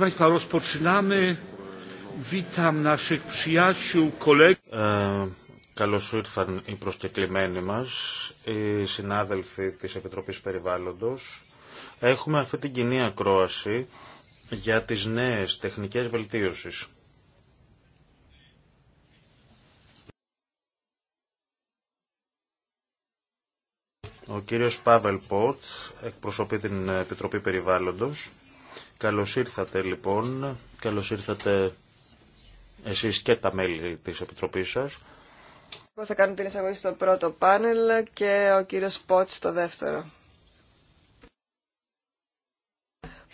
Ε, Καλώ ήρθαν οι προσκεκλημένοι μα. οι συνάδελφοι τη Επιτροπή περιβάλλοντο, Έχουμε αυτή την κοινή ακρόαση για τι νέε τεχνικέ βελτίωση. Ο κύριος Πάβελ Πότ, εκπροσωπεί την Επιτροπή Περιβάλλοντος Καλώς ήρθατε λοιπόν, καλώς ήρθατε εσείς και τα μέλη της Επιτροπής σας. Εγώ θα κάνω την εισαγωγή στο πρώτο πάνελ και ο κύριος Πότ στο δεύτερο.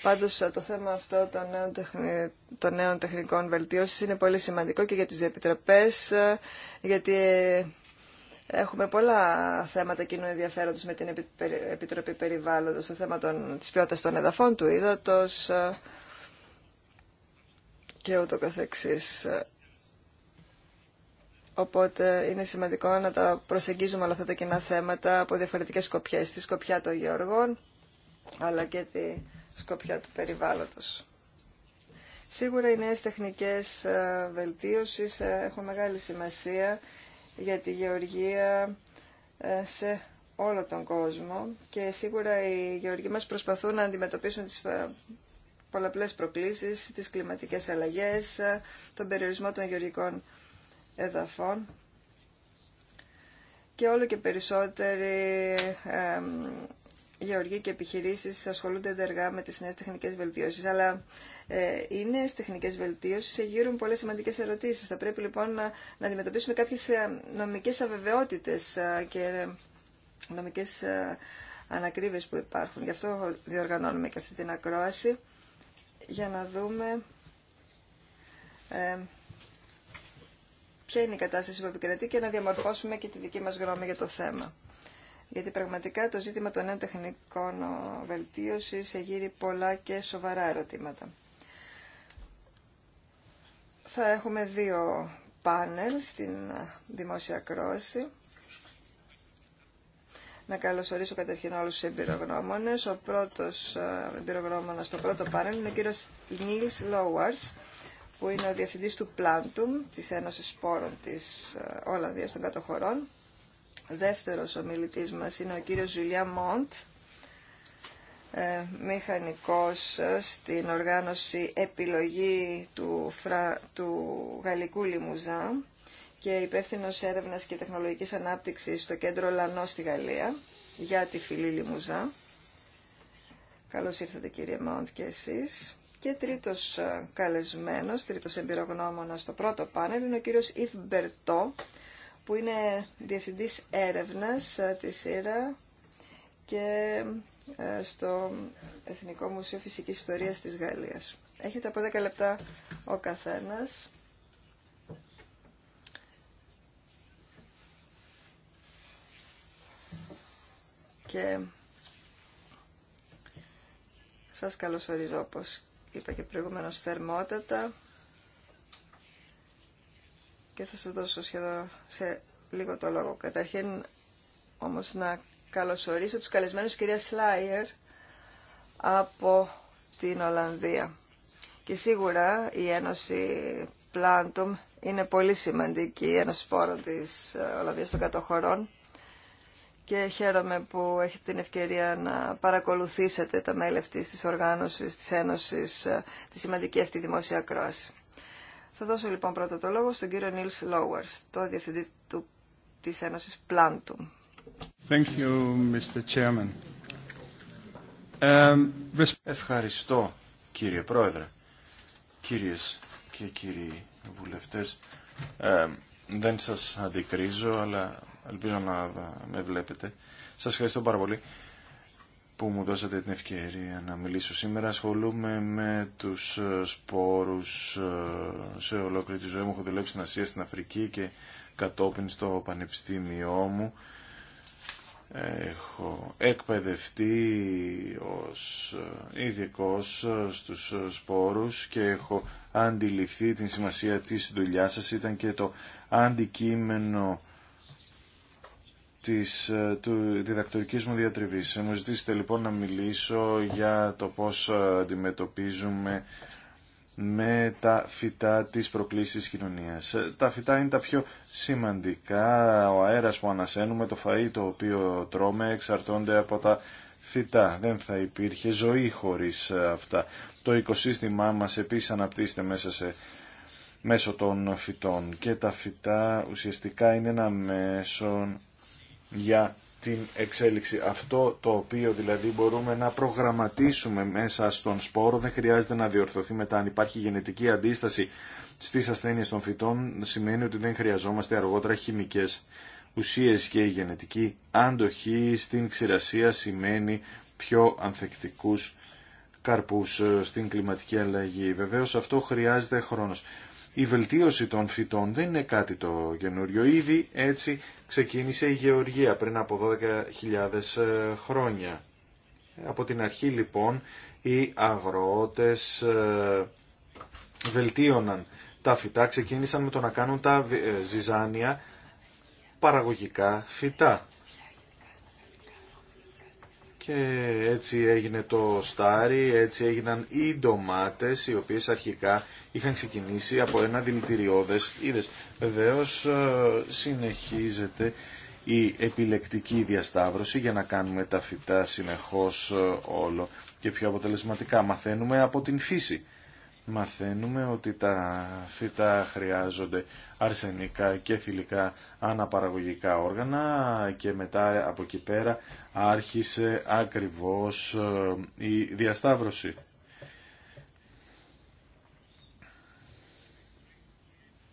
Πάντως το θέμα αυτό των νέων, τεχνικών βελτίωσης είναι πολύ σημαντικό και για τις επιτροπές γιατί Έχουμε πολλά θέματα κοινού ενδιαφέροντος με την Επιτροπή Περιβάλλοντος, το θέμα των, της ποιότητας των εδαφών, του ύδατος ε, και ούτω καθεξής. Οπότε είναι σημαντικό να τα προσεγγίζουμε όλα αυτά τα κοινά θέματα από διαφορετικές σκοπιές, τη σκοπιά των γεωργών, αλλά και τη σκοπιά του περιβάλλοντος. Σίγουρα οι νέες τεχνικές ε, βελτίωσης ε, έχουν μεγάλη σημασία για τη γεωργία ε, σε όλο τον κόσμο και σίγουρα οι γεωργοί μας προσπαθούν να αντιμετωπίσουν τις ε, πολλαπλές προκλήσεις, τις κλιματικές αλλαγές, ε, τον περιορισμό των γεωργικών εδαφών και όλο και περισσότεροι γεωργοί και επιχειρήσει ασχολούνται εντεργά με τις νέες τεχνικές βελτίωσεις. Αλλά ε, οι νέε τεχνικέ βελτίωσεις εγείρουν πολλές σημαντικές ερωτήσεις. Θα πρέπει λοιπόν να, να αντιμετωπίσουμε κάποιες ε, νομικές αβεβαιότητες ε, και ε, νομικέ ανακρίβειες που υπάρχουν. Γι' αυτό διοργανώνουμε και αυτή την ακρόαση για να δούμε ε, ποια είναι η κατάσταση που επικρατεί και να διαμορφώσουμε και τη δική μας γνώμη για το θέμα γιατί πραγματικά το ζήτημα των νέων τεχνικών βελτίωσης εγείρει πολλά και σοβαρά ερωτήματα. Θα έχουμε δύο πάνελ στην ε, δημόσια κρόση. Να καλωσορίσω καταρχήν όλους τους εμπειρογνώμονες. Ο πρώτος ε, εμπειρογνώμονας στο πρώτο πάνελ είναι ο κύριος Νίλς Λόουαρς, που είναι ο διευθυντής του Πλάντουμ, της Ένωσης Σπόρων της ε, Ολλανδίας των Κατοχωρών δεύτερος ομιλητής μας είναι ο κύριος Ζουλιά Μοντ, ε, μηχανικός στην οργάνωση επιλογή του, φρα... του γαλλικού λιμουζά και υπεύθυνο έρευνας και τεχνολογικής ανάπτυξης στο κέντρο Λανό στη Γαλλία για τη Φιλή λιμουζά. Καλώς ήρθατε κύριε Μόντ και εσείς. Και τρίτος ε, καλεσμένος, τρίτος εμπειρογνώμονας στο πρώτο πάνελ είναι ο κύριος Ιφ Μπερτό, που είναι διευθυντής έρευνας ε, της ΣΥΡΑ και ε, στο Εθνικό Μουσείο Φυσικής Ιστορίας της Γαλλίας. Έχετε από 10 λεπτά ο καθένας. Και σας καλωσορίζω όπως είπα και προηγουμένως θερμότατα και θα σας δώσω σχεδόν σε λίγο το λόγο. Καταρχήν όμως να καλωσορίσω τους καλεσμένους κυρία Σλάιερ από την Ολλανδία. Και σίγουρα η Ένωση Plantum είναι πολύ σημαντική, ένωση σπόρο της ε, Ολλανδίας των κατοχωρών και χαίρομαι που έχετε την ευκαιρία να παρακολουθήσετε τα μέλη αυτής της οργάνωσης, της Ένωσης, ε, τη σημαντική αυτή δημόσια κρόαση. Θα δώσω λοιπόν πρώτα το λόγο στον κύριο Νίλς Λόουαρς, το Διευθυντή του, της Ένωσης um, Ευχαριστώ, κύριε Πρόεδρε, κύριες και κύριοι βουλευτές. Um, δεν σας αντικρίζω, αλλά ελπίζω να με βλέπετε. Σας ευχαριστώ πάρα πολύ που μου δώσατε την ευκαιρία να μιλήσω σήμερα. Ασχολούμαι με τους ε, σπόρους ε, σε ολόκληρη τη ζωή μου. Έχω δουλέψει στην Ασία, στην Αφρική και κατόπιν στο πανεπιστήμιό μου. Έχω εκπαιδευτεί ως ε, ειδικό στους σπόρους και έχω αντιληφθεί την σημασία της δουλειάς σας. Ήταν και το αντικείμενο της, ε, του διδακτορικής μου διατριβής. Ε, μου ζητήσετε λοιπόν να μιλήσω για το πώς ε, αντιμετωπίζουμε με τα φυτά της προκλήσης κοινωνίας. Τα φυτά είναι τα πιο σημαντικά. Ο αέρας που ανασένουμε, το φαΐ το οποίο τρώμε εξαρτώνται από τα φυτά. Δεν θα υπήρχε ζωή χωρίς αυτά. Το οικοσύστημά μας επίσης αναπτύσσεται μέσα σε μέσω των φυτών και τα φυτά ουσιαστικά είναι ένα μέσο για την εξέλιξη. Αυτό το οποίο δηλαδή μπορούμε να προγραμματίσουμε μέσα στον σπόρο δεν χρειάζεται να διορθωθεί μετά. Αν υπάρχει γενετική αντίσταση στις ασθένειες των φυτών σημαίνει ότι δεν χρειαζόμαστε αργότερα χημικές ουσίες και η γενετική αντοχή στην ξηρασία σημαίνει πιο ανθεκτικούς καρπούς ε, στην κλιματική αλλαγή. Βεβαίως αυτό χρειάζεται χρόνος. Η βελτίωση των φυτών δεν είναι κάτι το καινούριο. Ήδη έτσι ξεκίνησε η γεωργία πριν από 12.000 ε, χρόνια. Από την αρχή λοιπόν οι αγρότες ε, βελτίωναν τα φυτά, ξεκίνησαν με το να κάνουν τα ε, ζυζάνια παραγωγικά φυτά. Και έτσι έγινε το στάρι, έτσι έγιναν οι ντομάτες, οι οποίες αρχικά είχαν ξεκινήσει από ένα δηλητηριώδες είδες. Βεβαίως ε, συνεχίζεται η επιλεκτική διασταύρωση για να κάνουμε τα φυτά συνεχώς ε, όλο και πιο αποτελεσματικά. Μαθαίνουμε από την φύση μαθαίνουμε ότι τα φυτά χρειάζονται αρσενικά και θηλυκά αναπαραγωγικά όργανα και μετά από εκεί πέρα άρχισε ακριβώς ε, η διασταύρωση.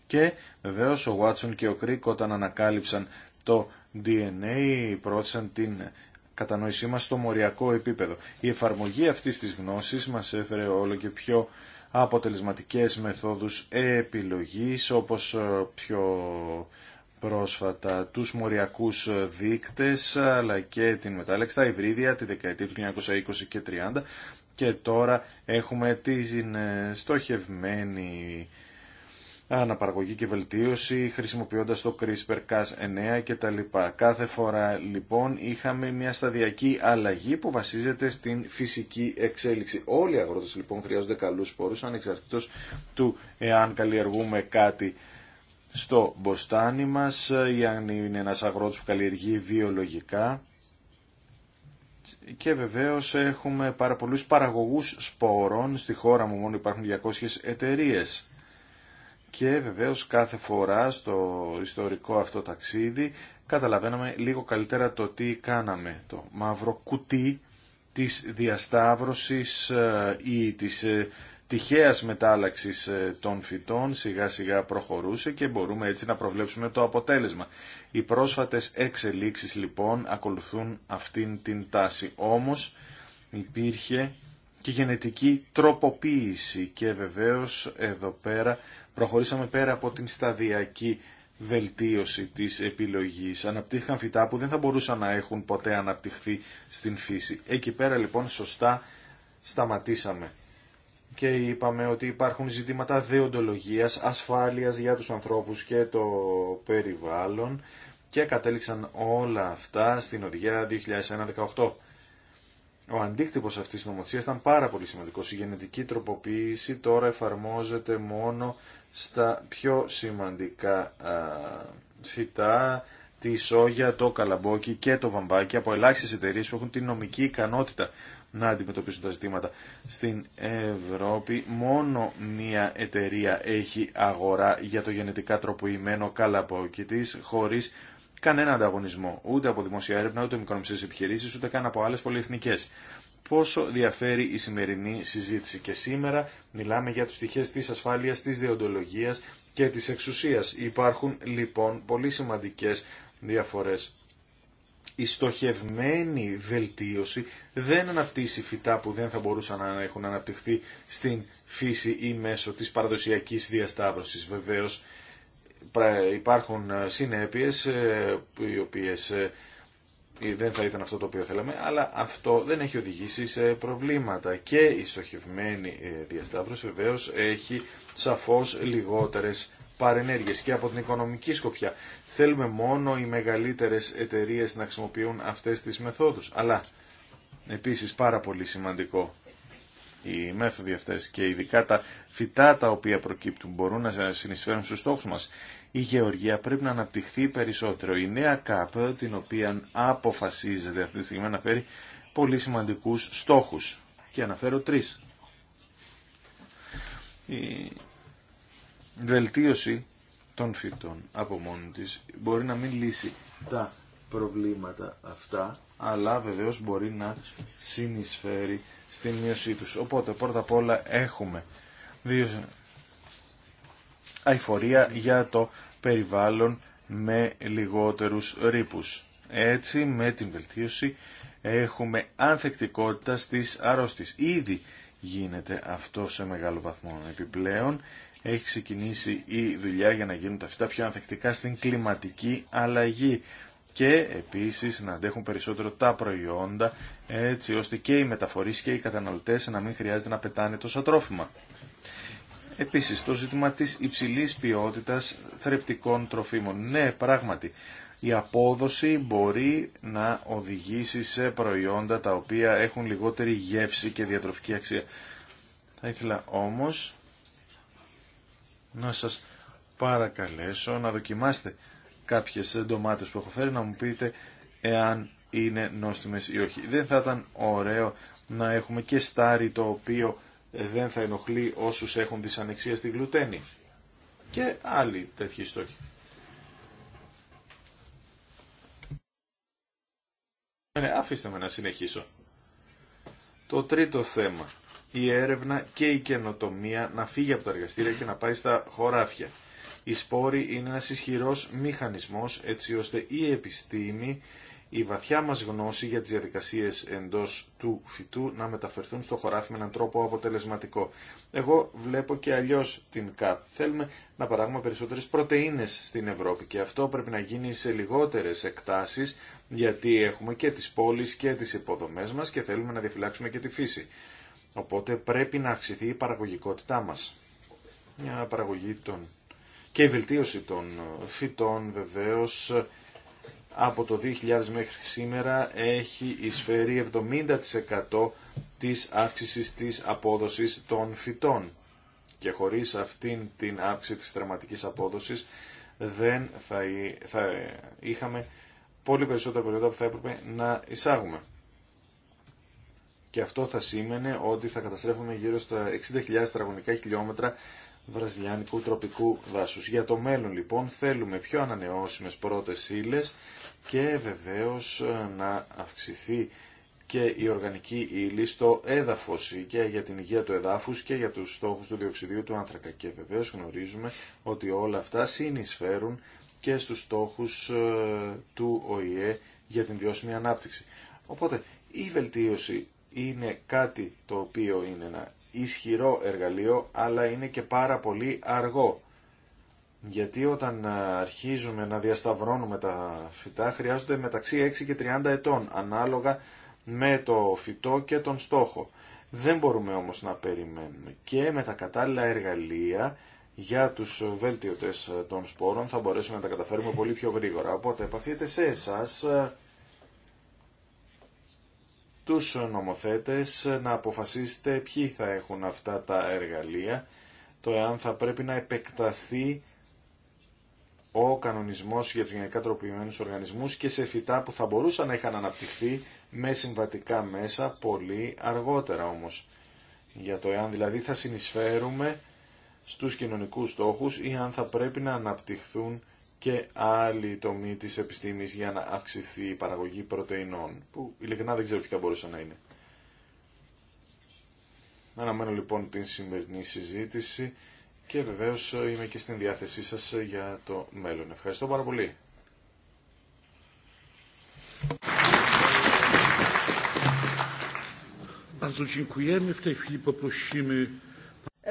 Και βεβαίως ο Βάτσον και ο Κρίκ όταν ανακάλυψαν το DNA πρόθεσαν την κατανόησή μας στο μοριακό επίπεδο. Η εφαρμογή αυτής της γνώσης μας έφερε όλο και πιο αποτελεσματικές μεθόδους επιλογής όπως ε, πιο πρόσφατα τους μοριακούς ε, δείκτες αλλά και την μετάλλεξη, τα υβρίδια τη δεκαετία του 1920 και 30 και τώρα έχουμε την ε, στοχευμένη αναπαραγωγή και βελτίωση χρησιμοποιώντας το CRISPR-Cas9 κτλ. Κάθε φορά λοιπόν είχαμε μια σταδιακή αλλαγή που βασίζεται στην φυσική εξέλιξη. Όλοι οι αγρότες λοιπόν χρειάζονται καλούς σπόρους ανεξαρτήτως του εάν καλλιεργούμε κάτι στο μποστάνι μας ή αν είναι ένας αγρότης που καλλιεργεί βιολογικά και βεβαίως έχουμε πάρα πολλούς παραγωγούς σπόρων στη χώρα μου μόνο υπάρχουν 200 εταιρείες και βεβαίως κάθε φορά στο ιστορικό αυτό ταξίδι καταλαβαίναμε λίγο καλύτερα το τι κάναμε. Το μαύρο κουτί της διασταύρωσης ε, ή της ε, τυχαίας μετάλλαξης ε, των φυτών σιγά σιγά προχωρούσε και μπορούμε έτσι να προβλέψουμε το αποτέλεσμα. Οι πρόσφατες εξελίξεις λοιπόν ακολουθούν αυτήν την τάση. Όμως υπήρχε και γενετική τροποποίηση και βεβαίως εδώ πέρα προχωρήσαμε πέρα από την σταδιακή βελτίωση της επιλογής. Αναπτύχθηκαν φυτά που δεν θα μπορούσαν να έχουν ποτέ αναπτυχθεί στην φύση. Εκεί πέρα λοιπόν σωστά σταματήσαμε και είπαμε ότι υπάρχουν ζητήματα δεοντολογίας, ασφάλειας για τους ανθρώπους και το περιβάλλον και κατέληξαν όλα αυτά στην οδηγία 2018 ο αντίκτυπο αυτής της νομοθεσία ήταν πάρα πολύ σημαντικό. Η γενετική τροποποίηση τώρα εφαρμόζεται μόνο στα πιο σημαντικά φυτά, τη σόγια, το καλαμπόκι και το βαμπάκι από ελάχιστε εταιρείε που έχουν την νομική ικανότητα να αντιμετωπίσουν τα ζητήματα. Στην Ευρώπη μόνο μία εταιρεία έχει αγορά για το γενετικά τροποποιημένο καλαμπόκι της χωρίς κανένα ανταγωνισμό ούτε από δημοσία έρευνα, ούτε από επιχειρήσεις, ούτε καν από άλλε πολυεθνικέ. Πόσο διαφέρει η σημερινή συζήτηση και σήμερα μιλάμε για τις στοιχείες της ασφάλειας, της διοντολογίας και της εξουσίας. Υπάρχουν λοιπόν πολύ σημαντικές διαφορές. Η στοχευμένη βελτίωση δεν αναπτύσσει φυτά που δεν θα μπορούσαν να έχουν αναπτυχθεί στην φύση ή μέσω της παραδοσιακής διασταύρωσης. Βεβαίως υπάρχουν ε, συνέπειες ε, οι οποίες ε, δεν θα ήταν αυτό το οποίο θέλαμε, αλλά αυτό δεν έχει οδηγήσει σε προβλήματα και η στοχευμένη διασταύρωση βεβαίω έχει σαφώς λιγότερες παρενέργειες και από την οικονομική σκοπιά. Θέλουμε μόνο οι μεγαλύτερες εταιρείες να χρησιμοποιούν αυτές τις μεθόδους, αλλά επίσης πάρα πολύ σημαντικό οι μέθοδοι αυτέ και ειδικά τα φυτά τα οποία προκύπτουν μπορούν να συνεισφέρουν στους στόχους μας. Η γεωργία πρέπει να αναπτυχθεί περισσότερο. Η νέα ΚΑΠ, την οποία αποφασίζεται αυτή τη στιγμή, αναφέρει πολύ σημαντικού στόχους. Και αναφέρω τρεις. Η βελτίωση των φυτών από μόνη της μπορεί να μην λύσει τα προβλήματα αυτά, αλλά βεβαίως μπορεί να συνεισφέρει στην μείωσή τους. Οπότε πρώτα απ' όλα έχουμε δύο αηφορία για το περιβάλλον με λιγότερους ρήπους. Έτσι με την βελτίωση έχουμε ανθεκτικότητα στις αρρώστιες. Ήδη γίνεται αυτό σε μεγάλο βαθμό. Επιπλέον έχει ξεκινήσει η δουλειά για να γίνουν τα φυτά πιο ανθεκτικά στην κλιματική αλλαγή και επίσης να αντέχουν περισσότερο τα προϊόντα έτσι ώστε και οι μεταφορείς και οι καταναλωτές να μην χρειάζεται να πετάνε τόσα τρόφιμα. Επίσης, το ζήτημα της υψηλής ποιότητας θρεπτικών τροφίμων. Ναι, πράγματι, η απόδοση μπορεί να οδηγήσει σε προϊόντα τα οποία έχουν λιγότερη γεύση και διατροφική αξία. Θα ήθελα όμως να σας παρακαλέσω να δοκιμάσετε κάποιες ντομάτες που έχω φέρει να μου πείτε εάν είναι νόστιμες ή όχι. Δεν θα ήταν ωραίο να έχουμε και στάρι το οποίο δεν θα ενοχλεί όσους έχουν δυσανεξία στη γλουτένη. Και άλλοι τέτοιοι στόχοι. Ε, ναι, αφήστε με να συνεχίσω. Το τρίτο θέμα. Η έρευνα και η καινοτομία να φύγει από τα εργαστήρια και να πάει στα χωράφια. Οι σπόροι είναι ένας ισχυρός μηχανισμός έτσι ώστε η επιστήμη η βαθιά μας γνώση για τις διαδικασίες εντός του φυτού να μεταφερθούν στο χωράφι με έναν τρόπο αποτελεσματικό. Εγώ βλέπω και αλλιώς την ΚΑΠ. Θέλουμε να παράγουμε περισσότερες πρωτεΐνες στην Ευρώπη και αυτό πρέπει να γίνει σε λιγότερες εκτάσεις γιατί έχουμε και τις πόλεις και τις υποδομές μας και θέλουμε να διαφυλάξουμε και τη φύση. Οπότε πρέπει να αυξηθεί η παραγωγικότητά μας. Μια παραγωγή και η βελτίωση των φυτών βεβαίως από το 2000 μέχρι σήμερα έχει εισφέρει 70% της αύξησης της απόδοσης των φυτών. Και χωρίς αυτήν την αύξηση της τραματικής απόδοσης δεν θα, θα είχαμε πολύ περισσότερα προϊόντα που θα έπρεπε να εισάγουμε. Και αυτό θα σήμαινε ότι θα καταστρέφουμε γύρω στα 60.000 τετραγωνικά χιλιόμετρα βραζιλιάνικου τροπικού δάσου. Για το μέλλον λοιπόν θέλουμε πιο ανανεώσιμε πρώτε ύλε και βεβαίως ε, να αυξηθεί και η οργανική ύλη στο έδαφο και για την υγεία του εδάφους και για τους στόχους του διοξιδίου του άνθρακα. Και βεβαίως γνωρίζουμε ότι όλα αυτά συνεισφέρουν και στους στόχους ε, του ΟΗΕ για την βιώσιμη ανάπτυξη. Οπότε η βελτίωση είναι κάτι το οποίο είναι ένα ισχυρό εργαλείο, αλλά είναι και πάρα πολύ αργό. Γιατί όταν ε, αρχίζουμε να διασταυρώνουμε τα φυτά χρειάζονται μεταξύ 6 και 30 ετών ανάλογα με το φυτό και τον στόχο. Δεν μπορούμε όμως να περιμένουμε και με τα κατάλληλα εργαλεία για τους βέλτιωτες ε, των σπόρων θα μπορέσουμε να τα καταφέρουμε πολύ πιο γρήγορα. Οπότε επαφείτε σε εσάς ε, τους νομοθέτες να αποφασίσετε ποιοι θα έχουν αυτά τα εργαλεία, το εάν θα πρέπει να επεκταθεί ο κανονισμός για τους γενικά τροποποιημένους οργανισμούς και σε φυτά που θα μπορούσαν να είχαν αναπτυχθεί με συμβατικά μέσα πολύ αργότερα όμως. Για το εάν δηλαδή θα συνεισφέρουμε στους κοινωνικούς στόχους ή αν θα πρέπει να αναπτυχθούν και άλλη τομή τη επιστήμης για να αυξηθεί η παραγωγή πρωτεϊνών, που ειλικρινά δεν ξέρω τι θα μπορούσε να είναι. Αναμένω λοιπόν την σημερινή συζήτηση και βεβαίω είμαι και στην διάθεσή σας για το μέλλον. Ευχαριστώ πάρα πολύ.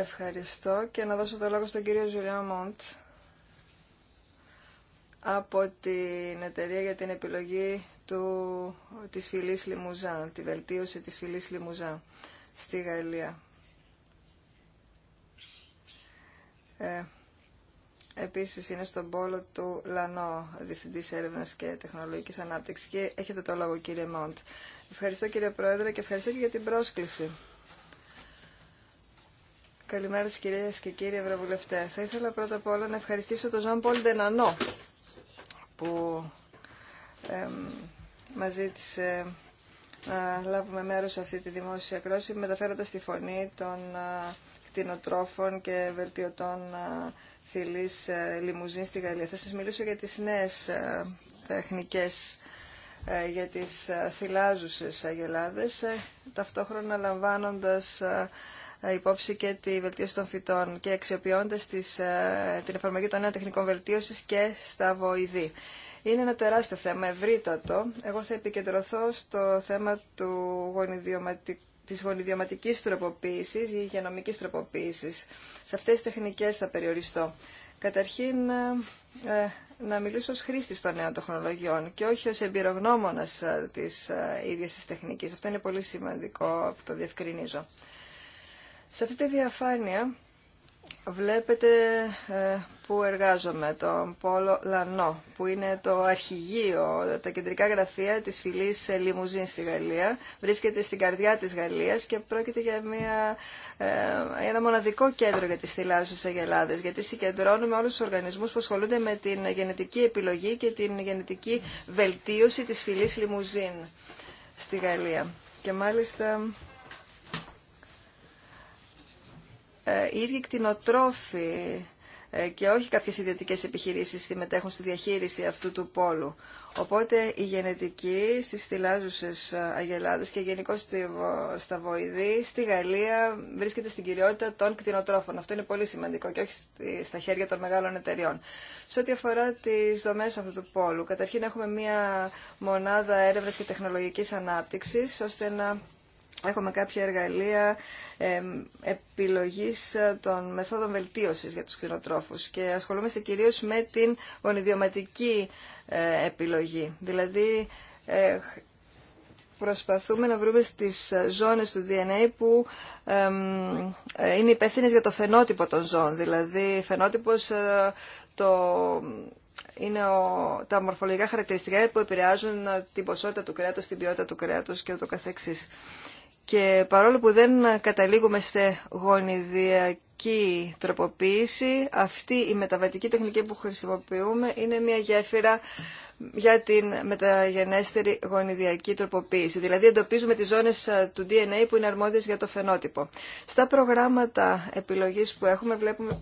Ευχαριστώ και να δώσω το λόγο στον κύριο Ζουλιά Μοντ από την εταιρεία για την επιλογή του, της φυλής Λιμουζά, τη βελτίωση της φυλής Λιμουζά στη Γαλλία. Ε, επίσης είναι στον πόλο του Λανό, Διευθυντής Έρευνας και Τεχνολογικής Ανάπτυξης και έχετε το λόγο κύριε Μόντ. Ευχαριστώ κύριε Πρόεδρε και ευχαριστώ και για την πρόσκληση. Καλημέρα σας κυρίες και κύριοι Ευρωβουλευτέ. Θα ήθελα πρώτα απ' όλα να ευχαριστήσω τον Ζαν που ε, μας ζήτησε να λάβουμε μέρος σε αυτή τη δημόσια κρόση μεταφέροντας τη φωνή των κτηνοτρόφων και βελτιωτών φυλής ε, λιμουζίν στη Γαλλία. Θα σας μιλήσω για τις νέες ε, τεχνικές ε, για τις θυλάζουσες αγελάδες, ταυτόχρονα λαμβάνοντας ε, υπόψη και τη βελτίωση των φυτών και αξιοποιώντα ε, την εφαρμογή των νέων τεχνικών βελτίωση και στα βοηδή. Είναι ένα τεράστιο θέμα, ευρύτατο. Εγώ θα επικεντρωθώ στο θέμα του γονιδιωματικού της γονιδιωματικής τροποποίησης ή γενομικής τροποποίησης. Σε αυτές τις τεχνικές θα περιοριστώ. Καταρχήν, ε, ε, να μιλήσω ως χρήστης των νέων τεχνολογιών και όχι ως εμπειρογνώμονας της ε, ίδιας της Αυτό είναι πολύ σημαντικό που το διευκρινίζω. Σε αυτή τη διαφάνεια βλέπετε ε, που εργάζομαι, τον Πόλο Λανό, που είναι το αρχηγείο, τα κεντρικά γραφεία της φυλής Λιμουζίν στη Γαλλία. Βρίσκεται στην καρδιά της Γαλλίας και πρόκειται για μια, ε, ένα μοναδικό κέντρο για τις θυλάσσιες αγελάδες, γιατί συγκεντρώνουμε όλους τους οργανισμούς που ασχολούνται με την γενετική επιλογή και την γενετική βελτίωση της φυλής Λιμουζίν στη Γαλλία. Και μάλιστα Ε, οι ίδιοι κτηνοτρόφοι ε, και όχι κάποιες ιδιωτικές επιχειρήσεις συμμετέχουν στη διαχείριση αυτού του πόλου. Οπότε η γενετική στις θυλάζουσες ε, αγελάδες και γενικώ στα βοηδή στη Γαλλία βρίσκεται στην κυριότητα των κτηνοτρόφων. Αυτό είναι πολύ σημαντικό και όχι στα χέρια των μεγάλων εταιριών. Σε ό,τι αφορά τις δομές αυτού του πόλου, καταρχήν έχουμε μία μονάδα έρευνας και τεχνολογικής ανάπτυξης ώστε να έχουμε κάποια εργαλεία ε, επιλογής των μεθόδων βελτίωσης για τους κτηνοτρόφους και ασχολούμαστε κυρίως με την γονιδιωματική ε, επιλογή. Δηλαδή ε, προσπαθούμε να βρούμε στις ε, ζώνες του DNA που ε, είναι υπεύθυνε για το φαινότυπο των ζών. Δηλαδή φαινότυπος το, είναι ο, τα μορφολογικά χαρακτηριστικά που επηρεάζουν την ποσότητα του κρέατος, την ποιότητα του κρέατος και ούτω καθεξής. Και παρόλο που δεν καταλήγουμε σε γονιδιακή τροποποίηση, αυτή η μεταβατική τεχνική που χρησιμοποιούμε είναι μια γέφυρα για την μεταγενέστερη γονιδιακή τροποποίηση. Δηλαδή εντοπίζουμε τις ζώνες του DNA που είναι αρμόδιες για το φαινότυπο. Στα προγράμματα επιλογής που έχουμε,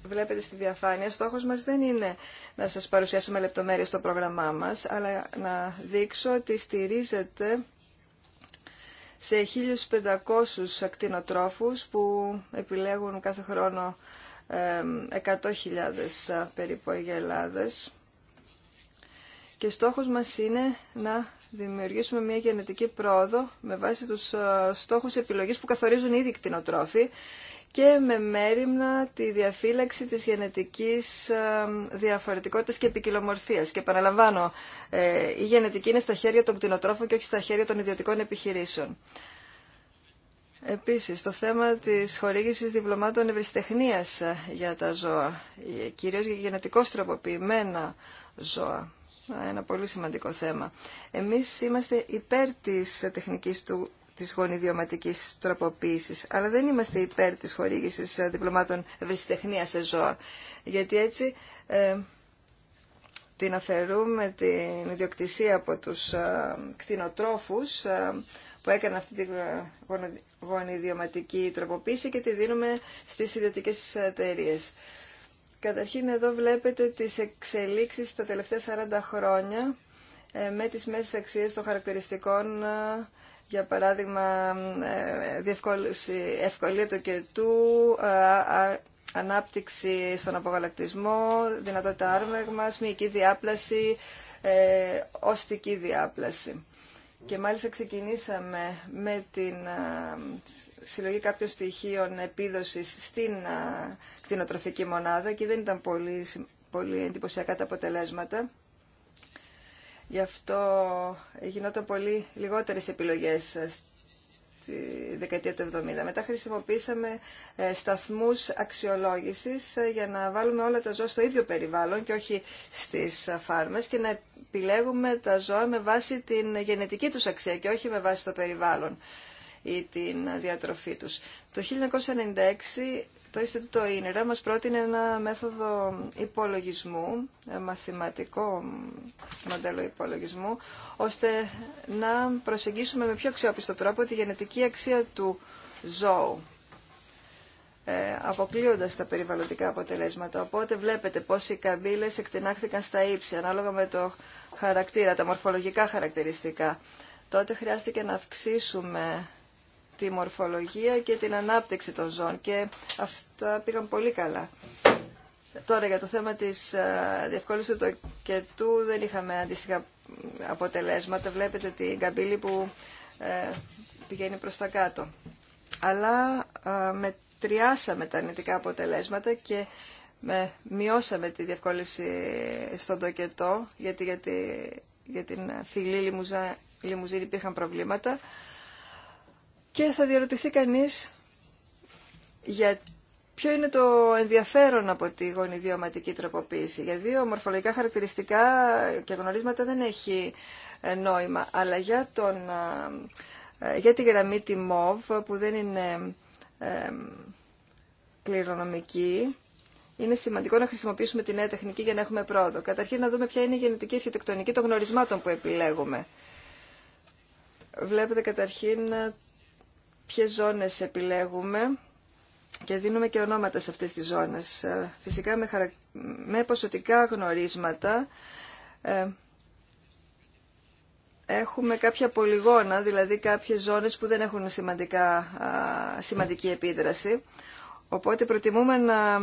βλέπετε στη διαφάνεια, στόχος μας δεν είναι να σας παρουσιάσουμε λεπτομέρειες στο πρόγραμμά μας, αλλά να δείξω ότι στηρίζεται σε 1.500 ακτινοτρόφους που επιλέγουν κάθε χρόνο 100.000 περίπου αγελάδες. Και στόχος μας είναι να δημιουργήσουμε μια γενετική πρόοδο με βάση τους στόχους επιλογής που καθορίζουν ήδη οι κτηνοτρόφοι και με μέρημνα τη διαφύλαξη της γενετικής ε, διαφορετικότητας και επικοινομορφίας. Και επαναλαμβάνω, ε, η γενετική είναι στα χέρια των κτηνοτρόφων και όχι στα χέρια των ιδιωτικών επιχειρήσεων. Επίσης, το θέμα της χορήγησης διπλωμάτων ευρυστεχνίας ε, για τα ζώα, κυρίως για γενετικώς τροποποιημένα ζώα. Ένα πολύ σημαντικό θέμα. Εμείς είμαστε υπέρ της τεχνικής του της γονιδιωματικής τροποποίησης, αλλά δεν είμαστε υπέρ της χορήγησης ε, διπλωμάτων ευρυστεχνίας σε ζώα, γιατί έτσι ε, την αφαιρούμε την ιδιοκτησία από τους ε, κτηνοτρόφους που έκαναν αυτή τη γονιδιωματική τροποποίηση και τη δίνουμε στις ιδιωτικές εταιρείε. Καταρχήν εδώ βλέπετε τις εξελίξεις τα τελευταία 40 χρόνια με τις μέσες αξίες των χαρακτηριστικών για παράδειγμα ε, ευκολία του κετού, ε, ανάπτυξη στον απογαλακτισμό, δυνατότητα άρμεγμας, μυϊκή διάπλαση, ε, οστική διάπλαση. Και μάλιστα ξεκινήσαμε με την συλλογή κάποιων στοιχείων επίδοσης στην κτηνοτροφική μονάδα και δεν ήταν πολύ, πολύ εντυπωσιακά τα αποτελέσματα. Γι' αυτό γινόταν πολύ λιγότερες επιλογές ε, τη δεκαετία του 70. Μετά χρησιμοποίησαμε ε, σταθμούς αξιολόγησης ε, για να βάλουμε όλα τα ζώα στο ίδιο περιβάλλον και όχι στις φάρμες και να επιλέγουμε τα ζώα με βάση την γενετική τους αξία και όχι με βάση το περιβάλλον ή την διατροφή τους. Το 1996 το Ινστιτούτο Ίνερα μας πρότεινε ένα μέθοδο υπολογισμού, ε, μαθηματικό μοντέλο υπολογισμού, ώστε να προσεγγίσουμε με πιο αξιόπιστο τρόπο τη γενετική αξία του ζώου ε, αποκλείοντας τα περιβαλλοντικά αποτελέσματα. Οπότε βλέπετε πώς οι καμπύλες εκτενάχθηκαν στα ύψη, ανάλογα με το χαρακτήρα, τα μορφολογικά χαρακτηριστικά. Τότε χρειάστηκε να αυξήσουμε τη μορφολογία και την ανάπτυξη των ζώων και αυτά πήγαν πολύ καλά. Τώρα για το θέμα της ε, διευκόλυνσης του κετού δεν είχαμε αντίστοιχα αποτελέσματα. Βλέπετε την καμπύλη που ε, πηγαίνει προς τα κάτω. Αλλά ε, μετριάσαμε τα αρνητικά αποτελέσματα και με, μειώσαμε τη διευκόλυνση στον τοκετό, γιατί για, για την φιλή λιμουζίνη υπήρχαν προβλήματα, και θα διαρωτηθεί κανείς για ποιο είναι το ενδιαφέρον από τη γονιδιωματική τροποποίηση. Για δύο μορφολογικά χαρακτηριστικά και γνωρίσματα δεν έχει ε, νόημα, αλλά για, τον, ε, ε, για τη γραμμή τη ΜΟΒ που δεν είναι ε, κληρονομική, είναι σημαντικό να χρησιμοποιήσουμε τη νέα τεχνική για να έχουμε πρόοδο. Καταρχήν να δούμε ποια είναι η γενετική αρχιτεκτονική των γνωρισμάτων που επιλέγουμε. Βλέπετε καταρχήν ποιες ζώνες επιλέγουμε και δίνουμε και ονόματα σε αυτές τις ζώνες. Ε, φυσικά με, χαρακ... με ποσοτικά γνωρίσματα ε, έχουμε κάποια πολυγόνα, δηλαδή κάποιες ζώνες που δεν έχουν σημαντικά, σημαντική επίδραση. Οπότε προτιμούμε να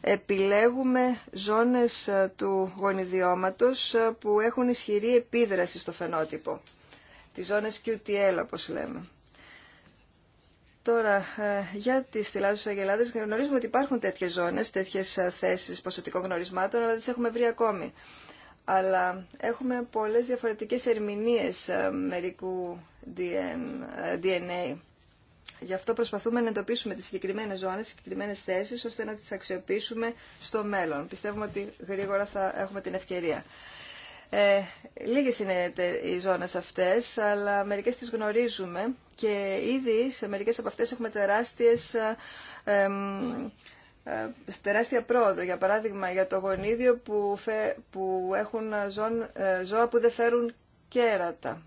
επιλέγουμε ζώνες ε, του γονιδιώματος που έχουν ισχυρή επίδραση στο φαινότυπο. Τις ζώνες QTL όπως λέμε. Τώρα, ε, για τι θυλάζουσε αγελάδε, γνωρίζουμε ότι υπάρχουν τέτοιε ζώνε, τέτοιε ε, θέσει ποσοτικών γνωρισμάτων, αλλά δεν τι έχουμε βρει ακόμη. Αλλά έχουμε πολλέ διαφορετικέ ερμηνείε ε, μερικού DNA. Γι' αυτό προσπαθούμε να εντοπίσουμε τι συγκεκριμένε ζώνε, συγκεκριμένε θέσει, ώστε να τι αξιοποιήσουμε στο μέλλον. Πιστεύουμε ότι γρήγορα θα έχουμε την ευκαιρία. Ε, λίγες είναι οι ζώνες αυτές, αλλά μερικές τις γνωρίζουμε και ήδη σε μερικές από αυτές έχουμε τεράστιες, ε, ε, τεράστια πρόοδο. Για παράδειγμα, για το γονίδιο που, που έχουν ζών, ε, ζώα που δεν φέρουν κέρατα.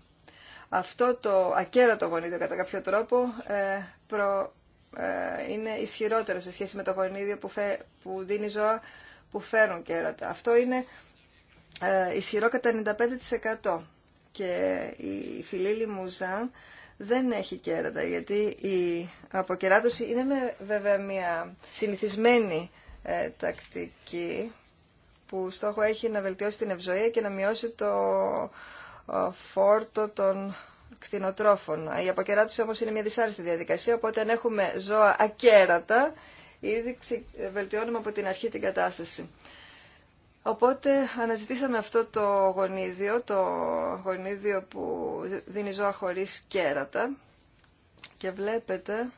Αυτό το ακέρατο γονίδιο κατά κάποιο τρόπο προ, είναι ισχυρότερο σε σχέση με το γονίδιο που, φε, που δίνει ζώα που φέρουν κέρατα. Αυτό είναι ε, ισχυρό κατά 95% και η φιλή λιμουζά δεν έχει κέρατα γιατί η αποκεράτωση είναι με, βέβαια μια συνηθισμένη ε, τακτική που στόχο έχει να βελτιώσει την ευζοία και να μειώσει το φόρτο των κτηνοτρόφων. Η αποκεράτωση όμως είναι μια δυσάρεστη διαδικασία οπότε αν έχουμε ζώα ακέρατα ήδη βελτιώνουμε από την αρχή την κατάσταση. Οπότε αναζητήσαμε αυτό το γονίδιο, το γονίδιο που δίνει ζώα χωρίς κέρατα και βλέπετε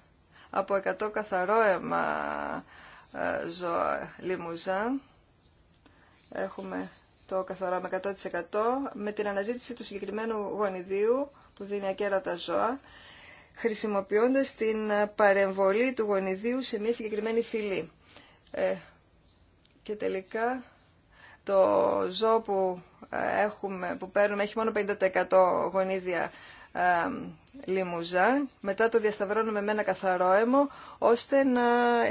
από 100 καθαρό αίμα ε, ζώα λιμουζά έχουμε το καθαρό με 100% με την αναζήτηση του συγκεκριμένου γονιδίου που δίνει ακέρατα ζώα χρησιμοποιώντας την παρεμβολή του γονιδίου σε μια συγκεκριμένη φυλή. Ε, και τελικά το ζώο που, ε, έχουμε, που παίρνουμε έχει μόνο 50% γονίδια ε, λιμουζά, μετά το διασταυρώνουμε με ένα καθαρό αίμο, ώστε να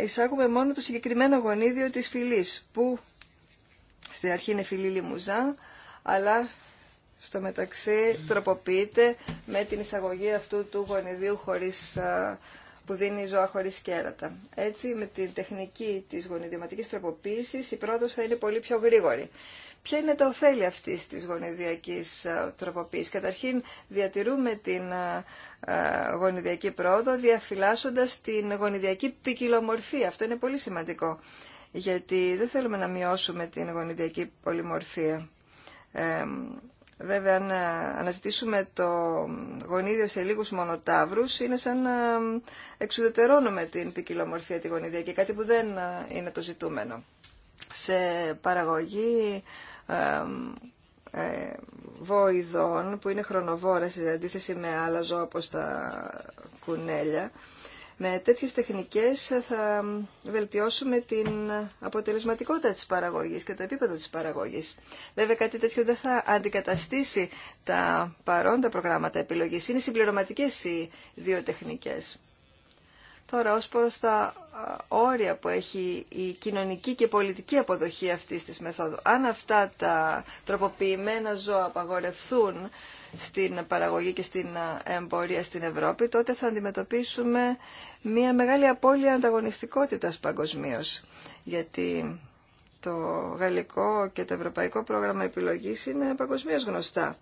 εισάγουμε μόνο το συγκεκριμένο γονίδιο της φυλής, που στην αρχή είναι φυλή λιμουζά, αλλά στο μεταξύ τροποποιείται με την εισαγωγή αυτού του γονιδίου χωρίς ε, που δίνει ζώα κέρατα. Έτσι, με την τεχνική της γονιδιακής τροποποίησης, η πρόοδος θα είναι πολύ πιο γρήγορη. Ποια είναι τα ωφέλη αυτής της γονιδιακής ε, τροποποίησης. Καταρχήν, διατηρούμε την ε, ε, γονιδιακή πρόοδο διαφυλάσσοντας την γονιδιακή ποικιλομορφία. Αυτό είναι πολύ σημαντικό, γιατί δεν θέλουμε να μειώσουμε την γονιδιακή πολυμορφία Βέβαια, να ε, αναζητήσουμε το γονίδιο σε λίγους μονοτάβρους είναι σαν να ε, εξουδετερώνουμε την ποικιλομορφία τη γονίδια και κάτι που δεν ε, είναι το ζητούμενο. Σε παραγωγή ε, ε, βοηδών που είναι χρονοβόρες σε αντίθεση με άλλα ζώα όπως τα κουνέλια, με τέτοιες τεχνικές θα βελτιώσουμε την αποτελεσματικότητα της παραγωγής και το επίπεδο της παραγωγής. Βέβαια κάτι τέτοιο δεν θα αντικαταστήσει τα παρόντα προγράμματα επιλογής. Είναι συμπληρωματικές οι δύο τεχνικές. Τώρα ως προς τα όρια που έχει η κοινωνική και πολιτική αποδοχή αυτής της μεθόδου. Αν αυτά τα τροποποιημένα ζώα απαγορευθούν στην παραγωγή και στην εμπορία στην Ευρώπη, τότε θα αντιμετωπίσουμε μια μεγάλη απώλεια ανταγωνιστικότητας παγκοσμίω. Γιατί το γαλλικό και το ευρωπαϊκό πρόγραμμα επιλογής είναι παγκοσμίω γνωστά.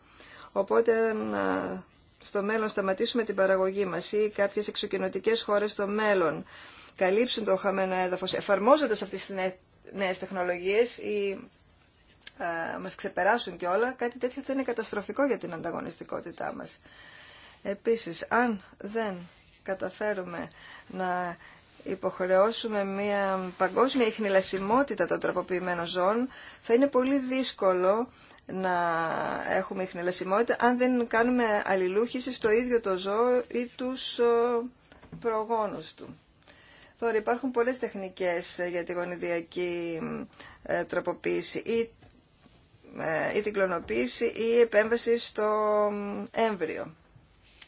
Οπότε αν στο μέλλον σταματήσουμε την παραγωγή μας ή κάποιες εξοκοινωτικές χώρες στο μέλλον καλύψουν το χαμένο έδαφος εφαρμόζοντας αυτές τις νέες τεχνολογίες μας ξεπεράσουν και όλα, κάτι τέτοιο θα είναι καταστροφικό για την ανταγωνιστικότητά μας. Επίσης, αν δεν καταφέρουμε να υποχρεώσουμε μια παγκόσμια ιχνηλασιμότητα των τροποποιημένων ζώων, θα είναι πολύ δύσκολο να έχουμε ιχνηλασιμότητα αν δεν κάνουμε αλληλούχηση στο ίδιο το ζώο ή τους ε, προγόνους του. υπάρχουν πολλές τεχνικές για τη γονιδιακή ε, τροποποίηση ε, ή την κλωνοποίηση ή επέμβαση στο έμβριο.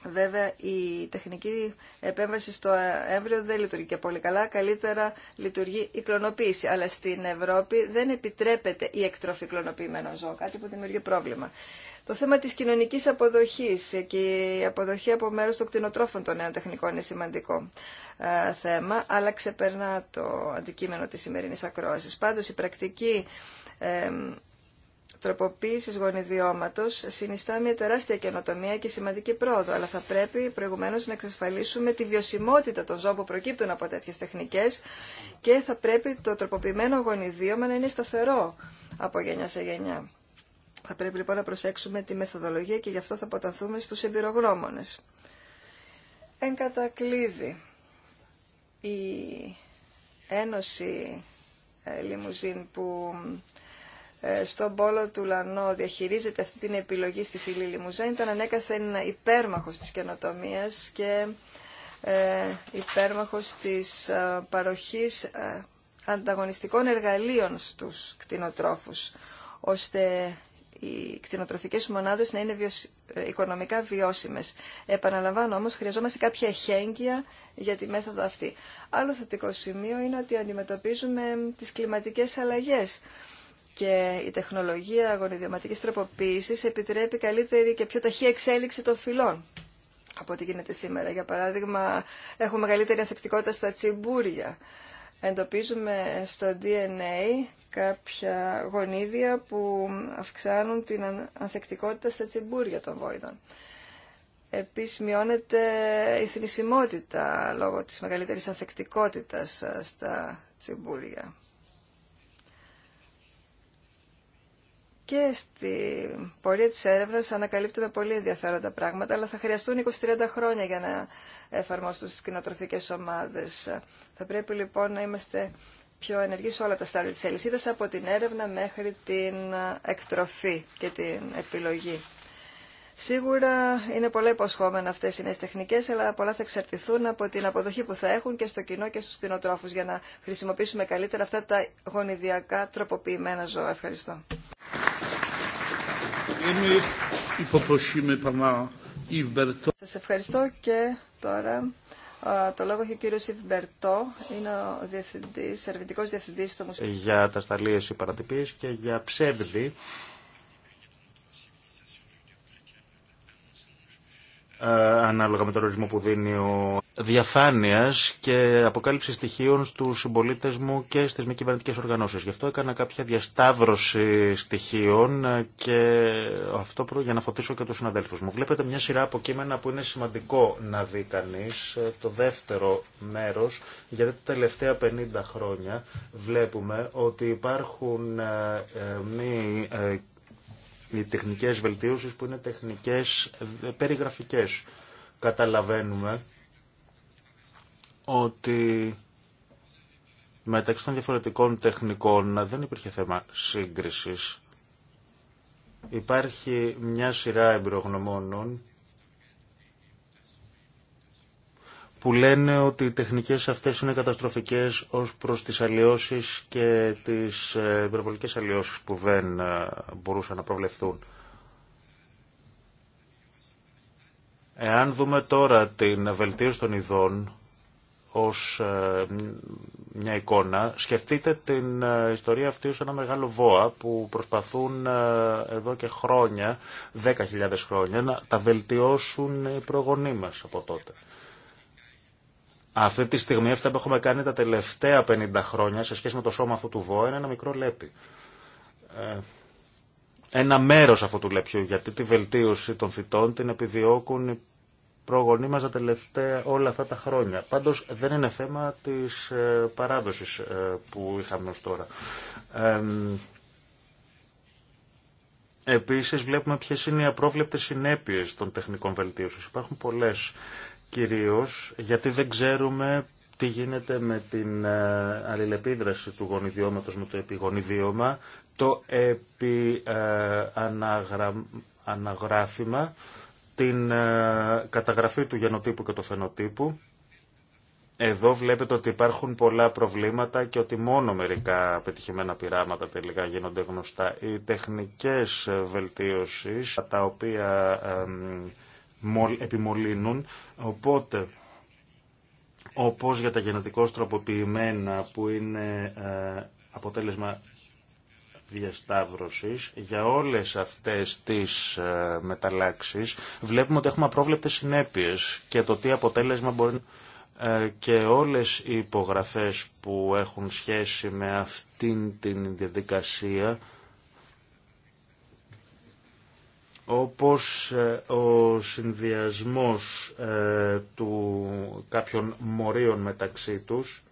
Βέβαια, η τεχνική επέμβαση στο ε, έμβριο δεν λειτουργεί και πολύ καλά. Καλύτερα λειτουργεί η κλωνοποίηση. Αλλά στην Ευρώπη δεν επιτρέπεται η εκτροφή κλωνοποιημένων ζώων, κάτι που δημιουργεί πρόβλημα. Το θέμα της κοινωνικής αποδοχής και η αποδοχή από μέρος των κτηνοτρόφων των νέων τεχνικών είναι σημαντικό ε, θέμα, αλλά ξεπερνά το αντικείμενο τη σημερινή ακρόαση. Πάντως, η πρακτική τροποποίησης γονιδιώματος συνιστά μια τεράστια καινοτομία και σημαντική πρόοδο, αλλά θα πρέπει προηγουμένως να εξασφαλίσουμε τη βιωσιμότητα των ζώων που προκύπτουν από τέτοιες τεχνικές και θα πρέπει το τροποποιημένο γονιδίωμα να είναι σταθερό από γενιά σε γενιά. Θα πρέπει λοιπόν να προσέξουμε τη μεθοδολογία και γι' αυτό θα αποταθούμε στους εμπειρογνώμονες. Εν κατακλείδη, η Ένωση ε, Λιμουζίν που ε, στον πόλο του Λανό διαχειρίζεται αυτή την επιλογή στη φυλή Λιμουζέν ήταν ανέκαθεν υπέρμαχος της καινοτομίας και ε, υπέρμαχος της ε, παροχής ανταγωνιστικών εργαλείων στους κτηνοτρόφους ώστε οι κτηνοτροφικές μονάδες να είναι οικονομικά βιώσιμες. Επαναλαμβάνω όμως, χρειαζόμαστε κάποια εχέγγυα για τη μέθοδο αυτή. Άλλο θετικό σημείο είναι ότι αντιμετωπίζουμε τις κλιματικές αλλαγές και η τεχνολογία αγωνιδιωματικής τροποποίησης επιτρέπει καλύτερη και πιο ταχύ εξέλιξη των φυλών από ό,τι γίνεται σήμερα. Για παράδειγμα, έχουμε μεγαλύτερη ανθεκτικότητα στα τσιμπούρια. Εντοπίζουμε στο DNA κάποια γονίδια που αυξάνουν την ανθεκτικότητα στα τσιμπούρια των βόηδων. Επίσης μειώνεται η θνησιμότητα λόγω της μεγαλύτερης ανθεκτικότητας ε, στα τσιμπούρια. και στη πορεία της έρευνας ανακαλύπτουμε πολύ ενδιαφέροντα πράγματα, αλλά θα χρειαστούν 20-30 χρόνια για να εφαρμόσουν στις κοινοτροφικές ομάδες. Θα πρέπει λοιπόν να είμαστε πιο ενεργοί σε όλα τα στάδια της αλυσίδας, από την έρευνα μέχρι την εκτροφή και την επιλογή. Σίγουρα είναι πολλά υποσχόμενα αυτέ οι νέε τεχνικέ, αλλά πολλά θα εξαρτηθούν από την αποδοχή που θα έχουν και στο κοινό και στου κτηνοτρόφου για να χρησιμοποιήσουμε καλύτερα αυτά τα γονιδιακά τροποποιημένα ζώα. Ευχαριστώ. Σας ευχαριστώ και τώρα το λόγο έχει ο κύριος Ιβμπερτό, είναι ο διευθυντής, ερευνητικός διευθυντής στο Μουσείο. Για τα σταλίες υπαρατυπίες και για ψεύδι Ε, ανάλογα με τον ορισμό που δίνει ο διαφάνειας και αποκάλυψη στοιχείων στους συμπολίτε μου και στις μη κυβερνητικέ οργανώσεις. Γι' αυτό έκανα κάποια διασταύρωση στοιχείων και αυτό για να φωτίσω και τους συναδέλφους μου. Βλέπετε μια σειρά από κείμενα που είναι σημαντικό να δει κανεί ε, το δεύτερο μέρος, γιατί τα τελευταία 50 χρόνια βλέπουμε ότι υπάρχουν ε, μη οι τεχνικές βελτίωσεις που είναι τεχνικές ε, περιγραφικές. Καταλαβαίνουμε ότι μεταξύ των διαφορετικών τεχνικών δεν υπήρχε θέμα σύγκρισης. Υπάρχει μια σειρά εμπειρογνωμόνων που λένε ότι οι τεχνικές αυτές είναι καταστροφικές ως προς τις αλλοιώσεις και τις ε, υπερβολικές αλλοιώσεις που δεν ε, μπορούσαν να προβλεφθούν. Εάν δούμε τώρα την βελτίωση των ειδών ως ε, μια εικόνα, σκεφτείτε την ιστορία αυτή ως ένα μεγάλο βόα που προσπαθούν εδώ και χρόνια, 10.000 χρόνια, να τα βελτιώσουν οι προγονείς μας από τότε. Αυτή τη στιγμή αυτά που έχουμε κάνει τα τελευταία 50 χρόνια σε σχέση με το σώμα αυτού του βόη είναι ένα μικρό λέπι. Ε, ένα μέρος αυτού του λεπιού, γιατί τη βελτίωση των φυτών την επιδιώκουν οι προγονεί μας τα τελευταία όλα αυτά τα χρόνια. Πάντως δεν είναι θέμα της ε, παράδοσης ε, που είχαμε ως τώρα. Επίσης βλέπουμε ποιες είναι οι απρόβλεπτες συνέπειες των τεχνικών βελτίωσης. Υπάρχουν πολλές κυρίως γιατί δεν ξέρουμε τι γίνεται με την ε, αλληλεπίδραση του γονιδιώματος με το επιγονιδίωμα, το επί ε, αναγράφημα, την ε, καταγραφή του γενοτύπου και του φαινοτύπου. Εδώ βλέπετε ότι υπάρχουν πολλά προβλήματα και ότι μόνο μερικά πετυχημένα πειράματα τελικά γίνονται γνωστά. Οι τεχνικές βελτίωσεις, τα οποία επιμολύνουν. Οπότε, όπως για τα γενετικώς τροποποιημένα που είναι ε, αποτέλεσμα διασταύρωσης, για όλες αυτές τις ε, μεταλλάξεις βλέπουμε ότι έχουμε απρόβλεπτες συνέπειες και το τι αποτέλεσμα μπορεί να ε, και όλες οι υπογραφές που έχουν σχέση με αυτήν την διαδικασία όπως ε, ο συνδυασμός ε, του κάποιων μορίων μεταξύ τους,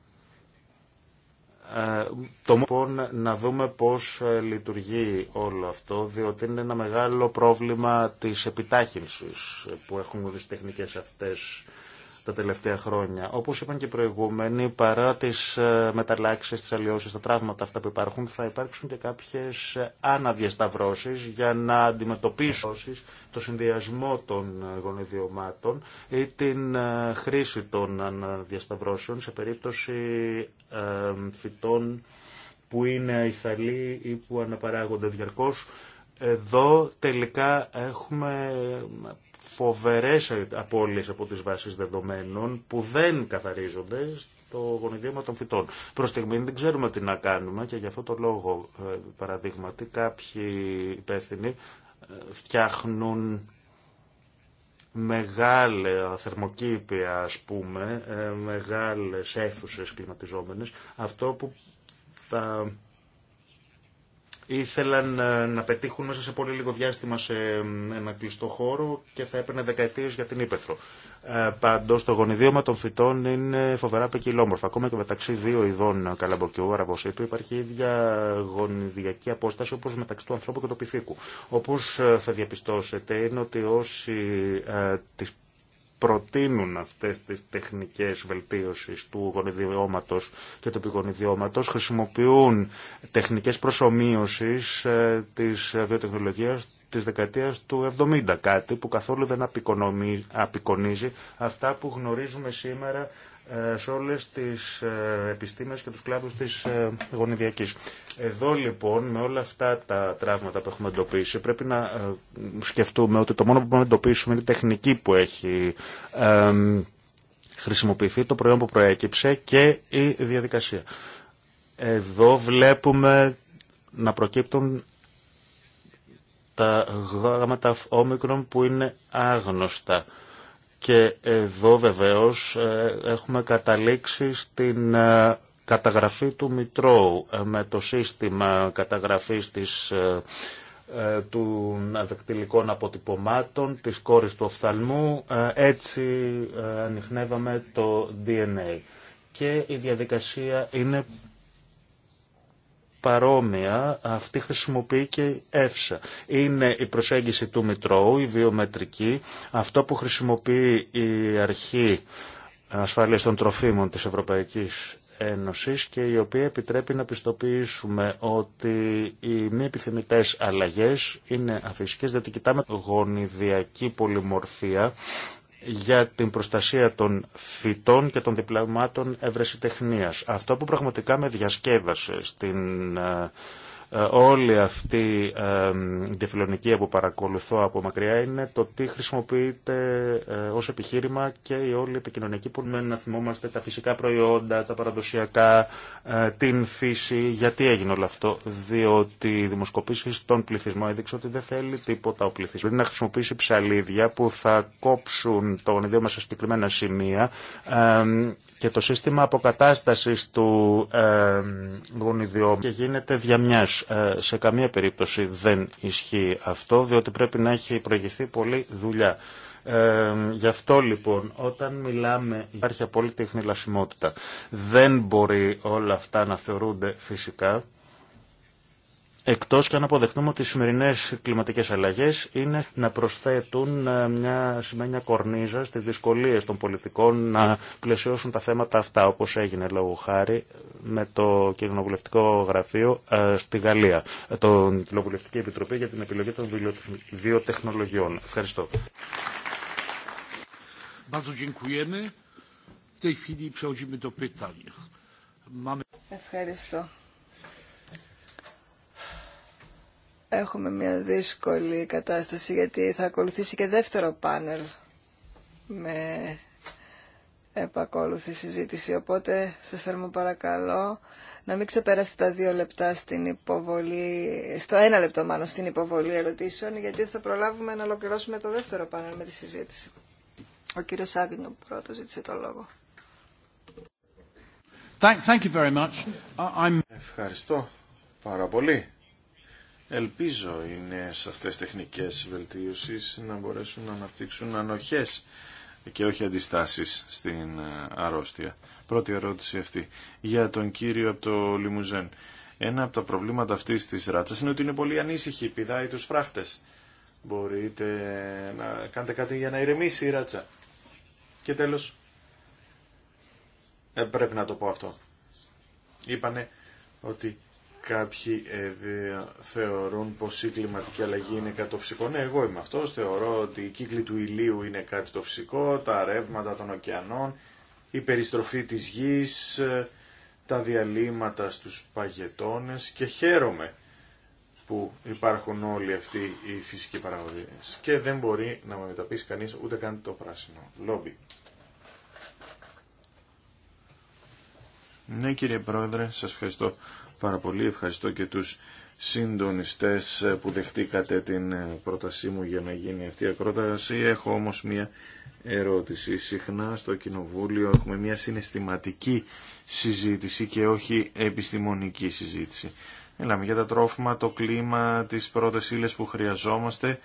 ε, το λοιπόν να δούμε πώς λειτουργεί όλο αυτό, διότι είναι ένα μεγάλο πρόβλημα της επιτάχυνσης που έχουν τις τεχνικές αυτές τα τελευταία χρόνια. Όπω είπαν και προηγούμενοι, παρά τι ε, μεταλλάξει, τι αλλοιώσει, τα τραύματα αυτά που υπάρχουν, θα υπάρξουν και κάποιε αναδιασταυρώσει για να αντιμετωπίσουν το συνδυασμό των ε, γονιδιωμάτων ή την ε, χρήση των αναδιασταυρώσεων σε περίπτωση φυτών που είναι αϊθαλοί ή που αναπαράγονται διαρκώς. Εδώ τελικά έχουμε φοβερές απώλειες από τις βάσεις δεδομένων που δεν καθαρίζονται στο γονιδίωμα των φυτών. Προ στιγμή δεν ξέρουμε τι να κάνουμε και γι' αυτό το λόγο, ε, παραδείγματι, κάποιοι υπεύθυνοι ε, φτιάχνουν μεγάλα θερμοκήπια, ας πούμε, ε, μεγάλες αίθουσες κλιματιζόμενες, αυτό που θα ήθελαν ε, να πετύχουν μέσα σε πολύ λίγο διάστημα σε ένα κλειστό χώρο και θα έπαιρνε δεκαετίες για την Ήπεθρο. Ε, Πάντω το γονιδίωμα των φυτών είναι φοβερά ποικιλόμορφο. Ακόμα και μεταξύ δύο ειδών καλαμποκιού, αραβοσίτου, υπάρχει η ίδια γονιδιακή απόσταση όπω μεταξύ του ανθρώπου και του πυθίκου. Όπω ε, θα διαπιστώσετε, είναι ότι όσοι ε, τις προτείνουν αυτές τις τεχνικές βελτίωσης του γονιδιώματος και του επιγονιδιώματος, χρησιμοποιούν τεχνικές προσωμείωσης ε, της βιοτεχνολογίας της δεκαετίας του 70, κάτι που καθόλου δεν απεικονίζει αυτά που γνωρίζουμε σήμερα ε, σε όλες τις ε, επιστήμες και τους κλάδους της ε, γονιδιακής. Εδώ λοιπόν με όλα αυτά τα τραύματα που έχουμε εντοπίσει πρέπει να σκεφτούμε ότι το μόνο που μπορούμε να εντοπίσουμε είναι η τεχνική που έχει χρησιμοποιηθεί, το προϊόν που προέκυψε και η διαδικασία. Εδώ βλέπουμε να προκύπτουν τα γάματα όμικρον που είναι άγνωστα. Και εδώ βεβαίως ε, έχουμε καταλήξει στην ε, καταγραφή του Μητρώου ε, με το σύστημα καταγραφής της των δεκτυλικών αποτυπωμάτων, της κόρης του οφθαλμού, έτσι ανοιχνεύαμε το DNA. Και η διαδικασία είναι παρόμοια αυτή χρησιμοποιεί και η ΕΦΣΑ. Είναι η προσέγγιση του Μητρώου, η βιομετρική, αυτό που χρησιμοποιεί η αρχή ασφάλειας των τροφίμων της Ευρωπαϊκής Ένωσης και η οποία επιτρέπει να πιστοποιήσουμε ότι οι μη επιθυμητές αλλαγές είναι αφυσικές, διότι κοιτάμε γονιδιακή πολυμορφία για την προστασία των φυτών και των διπλωμάτων ευρεσιτεχνίας. Αυτό που πραγματικά με διασκέδασε στην ε, ε, όλη αυτή ε, η διαφιλονικία που παρακολουθώ από μακριά είναι το τι χρησιμοποιείται ε, ως επιχείρημα και η όλη επικοινωνική που μένει να θυμόμαστε τα φυσικά προϊόντα, τα παραδοσιακά, την φύση. Γιατί έγινε όλο αυτό. Διότι οι δημοσκοπήσεις στον πληθυσμό έδειξαν ότι δεν θέλει τίποτα ο πληθυσμός. Πρέπει να χρησιμοποιήσει ψαλίδια που θα κόψουν το γονιδίο μας σε συγκεκριμένα σημεία και το σύστημα αποκατάστασης του ε, και γίνεται διαμιάς. Ε, σε καμία περίπτωση δεν ισχύει αυτό, διότι πρέπει να έχει προηγηθεί πολλή δουλειά. Ε, γι' αυτό λοιπόν όταν μιλάμε υπάρχει απόλυτη εχνηλασιμότητα. Δεν μπορεί όλα αυτά να θεωρούνται φυσικά Εκτός και αν αποδεχτούμε ότι οι σημερινές κλιματικές αλλαγές είναι να προσθέτουν ε, μια σημαίνια κορνίζα στις δυσκολίες των πολιτικών να πλαισιώσουν τα θέματα αυτά, όπως έγινε λόγω χάρη με το κοινοβουλευτικό γραφείο ε, στη Γαλλία, τον Κοινοβουλευτική Επιτροπή για την επιλογή των βιοτεχνολογιών. Ευχαριστώ. Ευχαριστώ. έχουμε μια δύσκολη κατάσταση γιατί θα ακολουθήσει και δεύτερο πάνελ με επακόλουθη συζήτηση. Οπότε σας θέλω παρακαλώ να μην ξεπεράσετε τα δύο λεπτά στην υποβολή, στο ένα λεπτό μάλλον στην υποβολή ερωτήσεων γιατί θα προλάβουμε να ολοκληρώσουμε το δεύτερο πάνελ με τη συζήτηση. Ο κύριος Άγνιο πρώτο ζήτησε το λόγο. Thank you very much. I'm... Ευχαριστώ πάρα πολύ. Ελπίζω οι σε αυτές τεχνικές βελτίωσεις να μπορέσουν να αναπτύξουν ανοχές και όχι αντιστάσεις στην ε, αρρώστια. Πρώτη ερώτηση αυτή για τον κύριο από το Λιμουζέν. Ένα από τα προβλήματα αυτής της ράτσας είναι ότι είναι πολύ ανήσυχη, πηδάει τους φράχτες. Μπορείτε να κάνετε κάτι για να ηρεμήσει η ράτσα. Και τέλος, ε, πρέπει να το πω αυτό. Είπανε ότι κάποιοι ε, θεωρούν πως η κλιματική αλλαγή είναι κάτι το φυσικό. Ναι, εγώ είμαι αυτός, θεωρώ ότι η κύκλη του ηλίου είναι κάτι το φυσικό, τα ρεύματα των ωκεανών, η περιστροφή της γης, ε, τα διαλύματα στους παγετώνες και χαίρομαι που υπάρχουν όλοι αυτοί οι φυσικοί παραγωγές. Και δεν μπορεί να με μεταπίσει κανείς ούτε καν το πράσινο λόμπι. Ναι κύριε Πρόεδρε, σας ευχαριστώ πάρα πολύ. Ευχαριστώ και τους συντονιστές που δεχτήκατε την πρότασή μου για να γίνει αυτή η ακρόταση. Έχω όμως μία ερώτηση. Συχνά στο Κοινοβούλιο έχουμε μία συναισθηματική συζήτηση και όχι επιστημονική συζήτηση. Μιλάμε για τα τρόφιμα, το κλίμα, τις πρώτες ύλες που χρειαζόμαστε,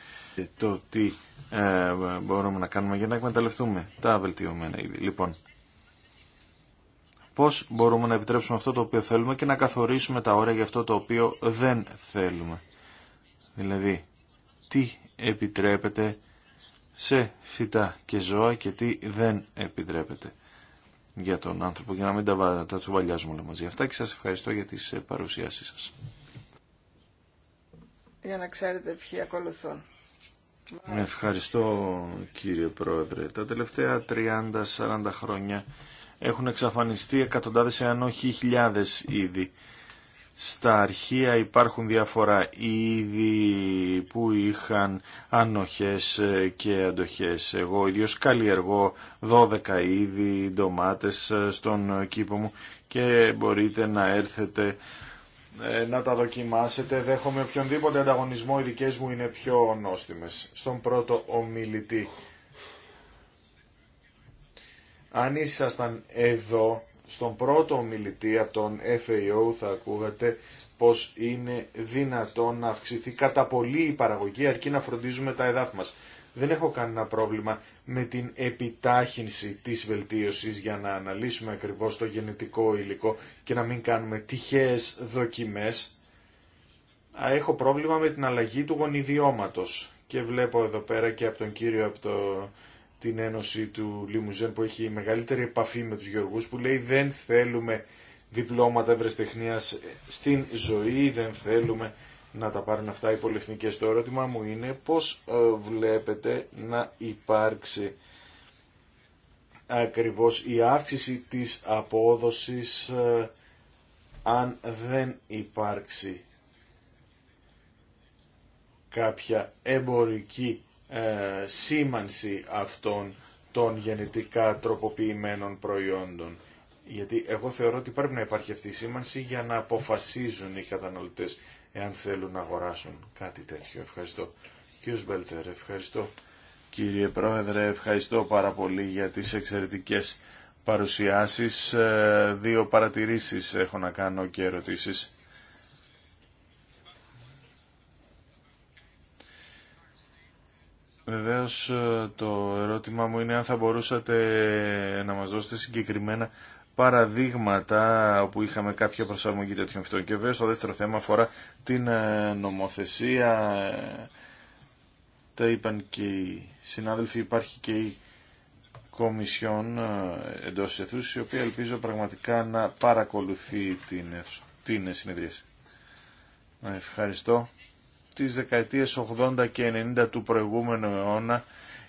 το τι ε, μπορούμε να κάνουμε για να εκμεταλλευτούμε τα βελτιωμένα Λοιπόν, πώς μπορούμε να επιτρέψουμε αυτό το οποίο θέλουμε και να καθορίσουμε τα όρια για αυτό το οποίο δεν θέλουμε. Δηλαδή, τι επιτρέπεται σε φυτά και ζώα και τι δεν επιτρέπεται για τον άνθρωπο για να μην τα, τα τσουβαλιάζουμε όλα μαζί. Αυτά και σας ευχαριστώ για τις ε, παρουσιάσεις σας. Για να ξέρετε ποιοι ακολουθούν. Ευχαριστώ κύριε Πρόεδρε. Τα τελευταία 30-40 χρόνια έχουν εξαφανιστεί εκατοντάδες εάν όχι χιλιάδες είδη. Στα αρχεία υπάρχουν διαφορά είδη που είχαν ανοχές και αντοχές. Εγώ ιδιώς καλλιεργώ 12 είδη ντομάτες στον κήπο μου και μπορείτε να έρθετε ε, να τα δοκιμάσετε. Δέχομαι οποιονδήποτε ανταγωνισμό, οι δικές μου είναι πιο νόστιμες. Στον πρώτο ομιλητή αν ήσασταν εδώ στον πρώτο μιλητή από τον FAO θα ακούγατε πως είναι δυνατόν να αυξηθεί κατά πολύ η παραγωγή αρκεί να φροντίζουμε τα εδάφη μας. Δεν έχω κανένα πρόβλημα με την επιτάχυνση της βελτίωσης για να αναλύσουμε ακριβώς το γενετικό υλικό και να μην κάνουμε τυχαίες δοκιμές. Έχω πρόβλημα με την αλλαγή του γονιδιώματος και βλέπω εδώ πέρα και από τον κύριο από το την ένωση του Λιμουζέν που έχει μεγαλύτερη επαφή με τους γεωργούς που λέει δεν θέλουμε διπλώματα ευρεσιτεχνίας στην ζωή, δεν θέλουμε να τα πάρουν αυτά οι πολυεθνικές. Το ερώτημα μου είναι πώς ε, βλέπετε να υπάρξει ακριβώς η αύξηση της απόδοσης ε, αν δεν υπάρξει κάποια εμπορική ε, σήμανση αυτών των γενετικά τροποποιημένων προϊόντων. Γιατί εγώ θεωρώ ότι πρέπει να υπάρχει αυτή η σήμανση για να αποφασίζουν οι καταναλωτές εάν θέλουν να αγοράσουν κάτι τέτοιο. Ευχαριστώ. Κύριος Μπέλτερ, ευχαριστώ. Κύριε Πρόεδρε, ευχαριστώ πάρα πολύ για τις εξαιρετικές παρουσιάσεις. Ε, δύο παρατηρήσεις έχω να κάνω και ερωτήσεις. Βεβαίως ε, το ερώτημα μου είναι αν θα μπορούσατε να μας δώσετε συγκεκριμένα παραδείγματα όπου είχαμε κάποια προσαρμογή τέτοιων φυτών. Και βέβαια το δεύτερο θέμα αφορά την ε, νομοθεσία. Τα είπαν και οι συνάδελφοι, υπάρχει και η Κομισιόν ε, εντός αιθούς, η οποία ελπίζω πραγματικά να παρακολουθεί την, την συνεδρίαση. Ευχαριστώ τις δεκαετίες 80 και 90 του προηγούμενου αιώνα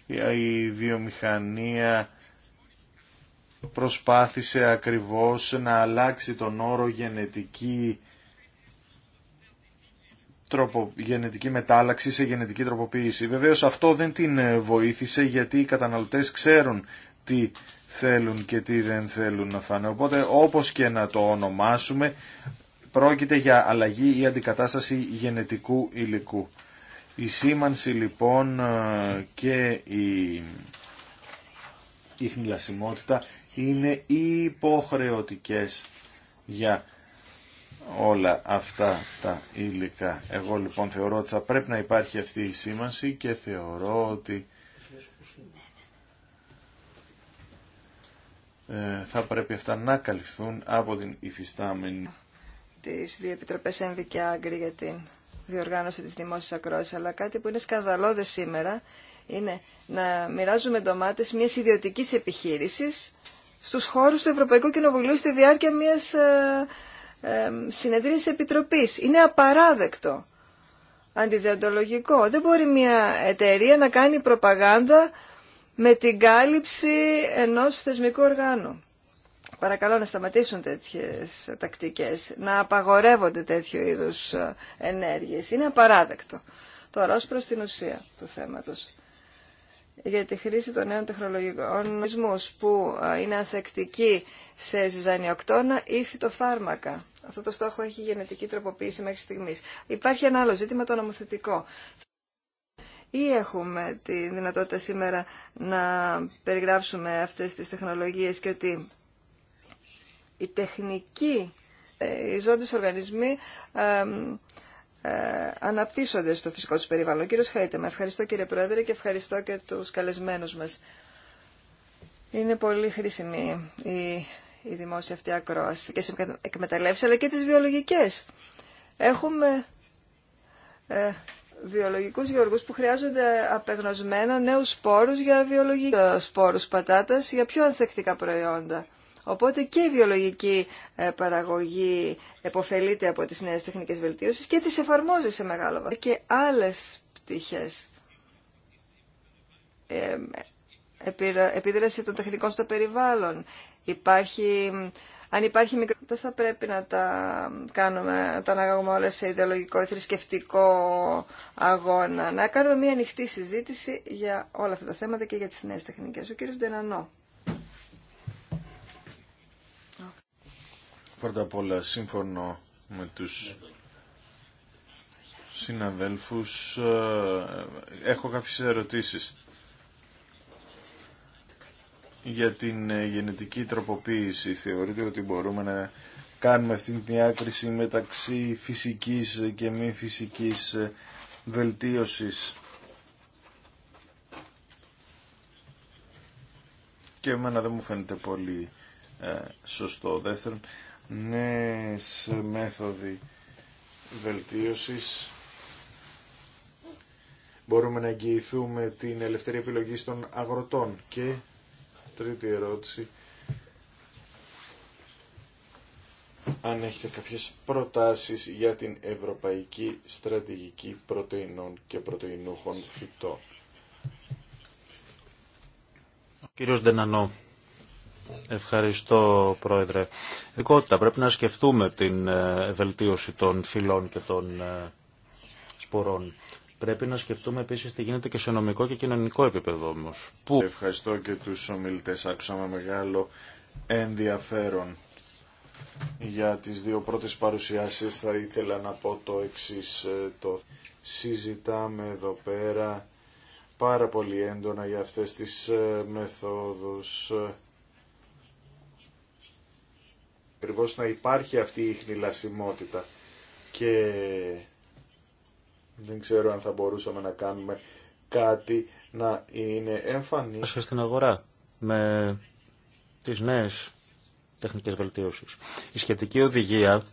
η βιομηχανία προσπάθησε ακριβώς να αλλάξει τον όρο γενετική τροπο, γενετική μετάλλαξη σε γενετική τροποποίηση. Βεβαίως αυτό δεν την βοήθησε γιατί οι καταναλωτές ξέρουν τι θέλουν και τι δεν θέλουν να φάνε. Οπότε όπως και να το ονομάσουμε πρόκειται για αλλαγή ή αντικατάσταση γενετικού υλικού. Η σήμανση λοιπόν ε, και η, η χνηλασιμότητα είναι υποχρεωτικές για όλα αυτά τα υλικά. Εγώ λοιπόν θεωρώ ότι θα πρέπει να υπάρχει αυτή η σήμανση και θεωρώ ότι ε, θα πρέπει αυτά να καλυφθούν από την υφιστάμενη τις δύο επιτροπές ΕΜΒΗ και Άγκρη για την διοργάνωση της δημόσιας ακρόασης, αλλά κάτι που είναι σκανδαλώδες σήμερα είναι να μοιράζουμε ντομάτες μιας ιδιωτικής επιχείρησης στους χώρους του Ευρωπαϊκού Κοινοβουλίου στη διάρκεια μιας ε, ε, συνεδρίας επιτροπής. Είναι απαράδεκτο, αντιδιοντολογικό. Δεν μπορεί μια εταιρεία να κάνει προπαγάνδα με την κάλυψη ενός θεσμικού οργάνου. Παρακαλώ να σταματήσουν τέτοιες τακτικές, να απαγορεύονται τέτοιου είδους ε, ενέργειες. Είναι απαράδεκτο. Τώρα, ως προς την ουσία του θέματος για τη χρήση των νέων τεχνολογικών που ε, είναι ανθεκτικοί σε ζυζανιοκτώνα ή φυτοφάρμακα. Αυτό το στόχο έχει η γενετική τροποποίηση μέχρι στιγμής. Υπάρχει ένα άλλο ζήτημα, το στοχο εχει γενετικη τροποποιηση Ή έχουμε τη δυνατότητα σήμερα να περιγράψουμε αυτές τις τεχνολογίες και ότι οι τεχνικοί, ε, οι ζώντες οργανισμοί ε, αναπτύσσονται στο φυσικό τους περιβάλλον. Κύριος με ευχαριστώ κύριε Πρόεδρε και ευχαριστώ και τους καλεσμένους μας. Είναι πολύ χρήσιμη η, η δημόσια αυτή ακρόαση και σε εκμεταλλεύσει, αλλά και τις βιολογικές. Έχουμε ε, βιολογικούς γεωργούς που χρειάζονται απεγνωσμένα νέους σπόρους για βιολογικούς ε, σπόρους πατάτας, για πιο ανθεκτικά προϊόντα. Οπότε και η βιολογική ε, παραγωγή επωφελείται από τις νέες τεχνικές βελτίωσεις και τις εφαρμόζει σε μεγάλο βαθμό και άλλες πτυχές. Ε, επίδραση των τεχνικών στο περιβάλλον. Υπάρχει, αν υπάρχει μικρό... Δεν θα πρέπει να τα κάνουμε, να τα αναγάγουμε όλα σε ιδεολογικό ή θρησκευτικό αγώνα. Να κάνουμε μια ανοιχτή συζήτηση για όλα αυτά τα θέματα και για τις νέες τεχνικές. Ο κύριος Ντενανό. Πρώτα απ' όλα σύμφωνο με τους συναδέλφους ε, έχω κάποιες ερωτήσεις για την ε, γενετική τροποποίηση θεωρείτε ότι μπορούμε να κάνουμε αυτή την διάκριση μεταξύ φυσικής και μη φυσικής ε, βελτίωσης και εμένα δεν μου φαίνεται πολύ σωστό δεύτερον νέες μέθοδοι βελτίωσης. Μπορούμε να εγγυηθούμε την ελευθερία επιλογής των αγροτών. Και τρίτη ερώτηση. Αν έχετε κάποιες προτάσεις για την ευρωπαϊκή στρατηγική πρωτεϊνών και πρωτεϊνούχων φυτών. Κύριος Ντενανό, Ευχαριστώ, Πρόεδρε. Δικότητα, πρέπει να σκεφτούμε την ε, βελτίωση των φυλών και των ε, σπορών. Πρέπει να σκεφτούμε επίσης τι γίνεται και σε νομικό και κοινωνικό επίπεδο όμως. Που... Ευχαριστώ και τους ομιλητές. Άκουσα με μεγάλο ενδιαφέρον για τις δύο πρώτες παρουσιάσεις. Θα ήθελα να πω το εξής. Ε, το συζητάμε εδώ πέρα πάρα πολύ έντονα για αυτές τις μεθόδους ακριβώ να υπάρχει αυτή η χνηλασιμότητα. Και δεν ξέρω αν θα μπορούσαμε να κάνουμε κάτι να είναι εμφανή. Στην αγορά με τις νέες τεχνικές βελτίωσεις. Η σχετική οδηγία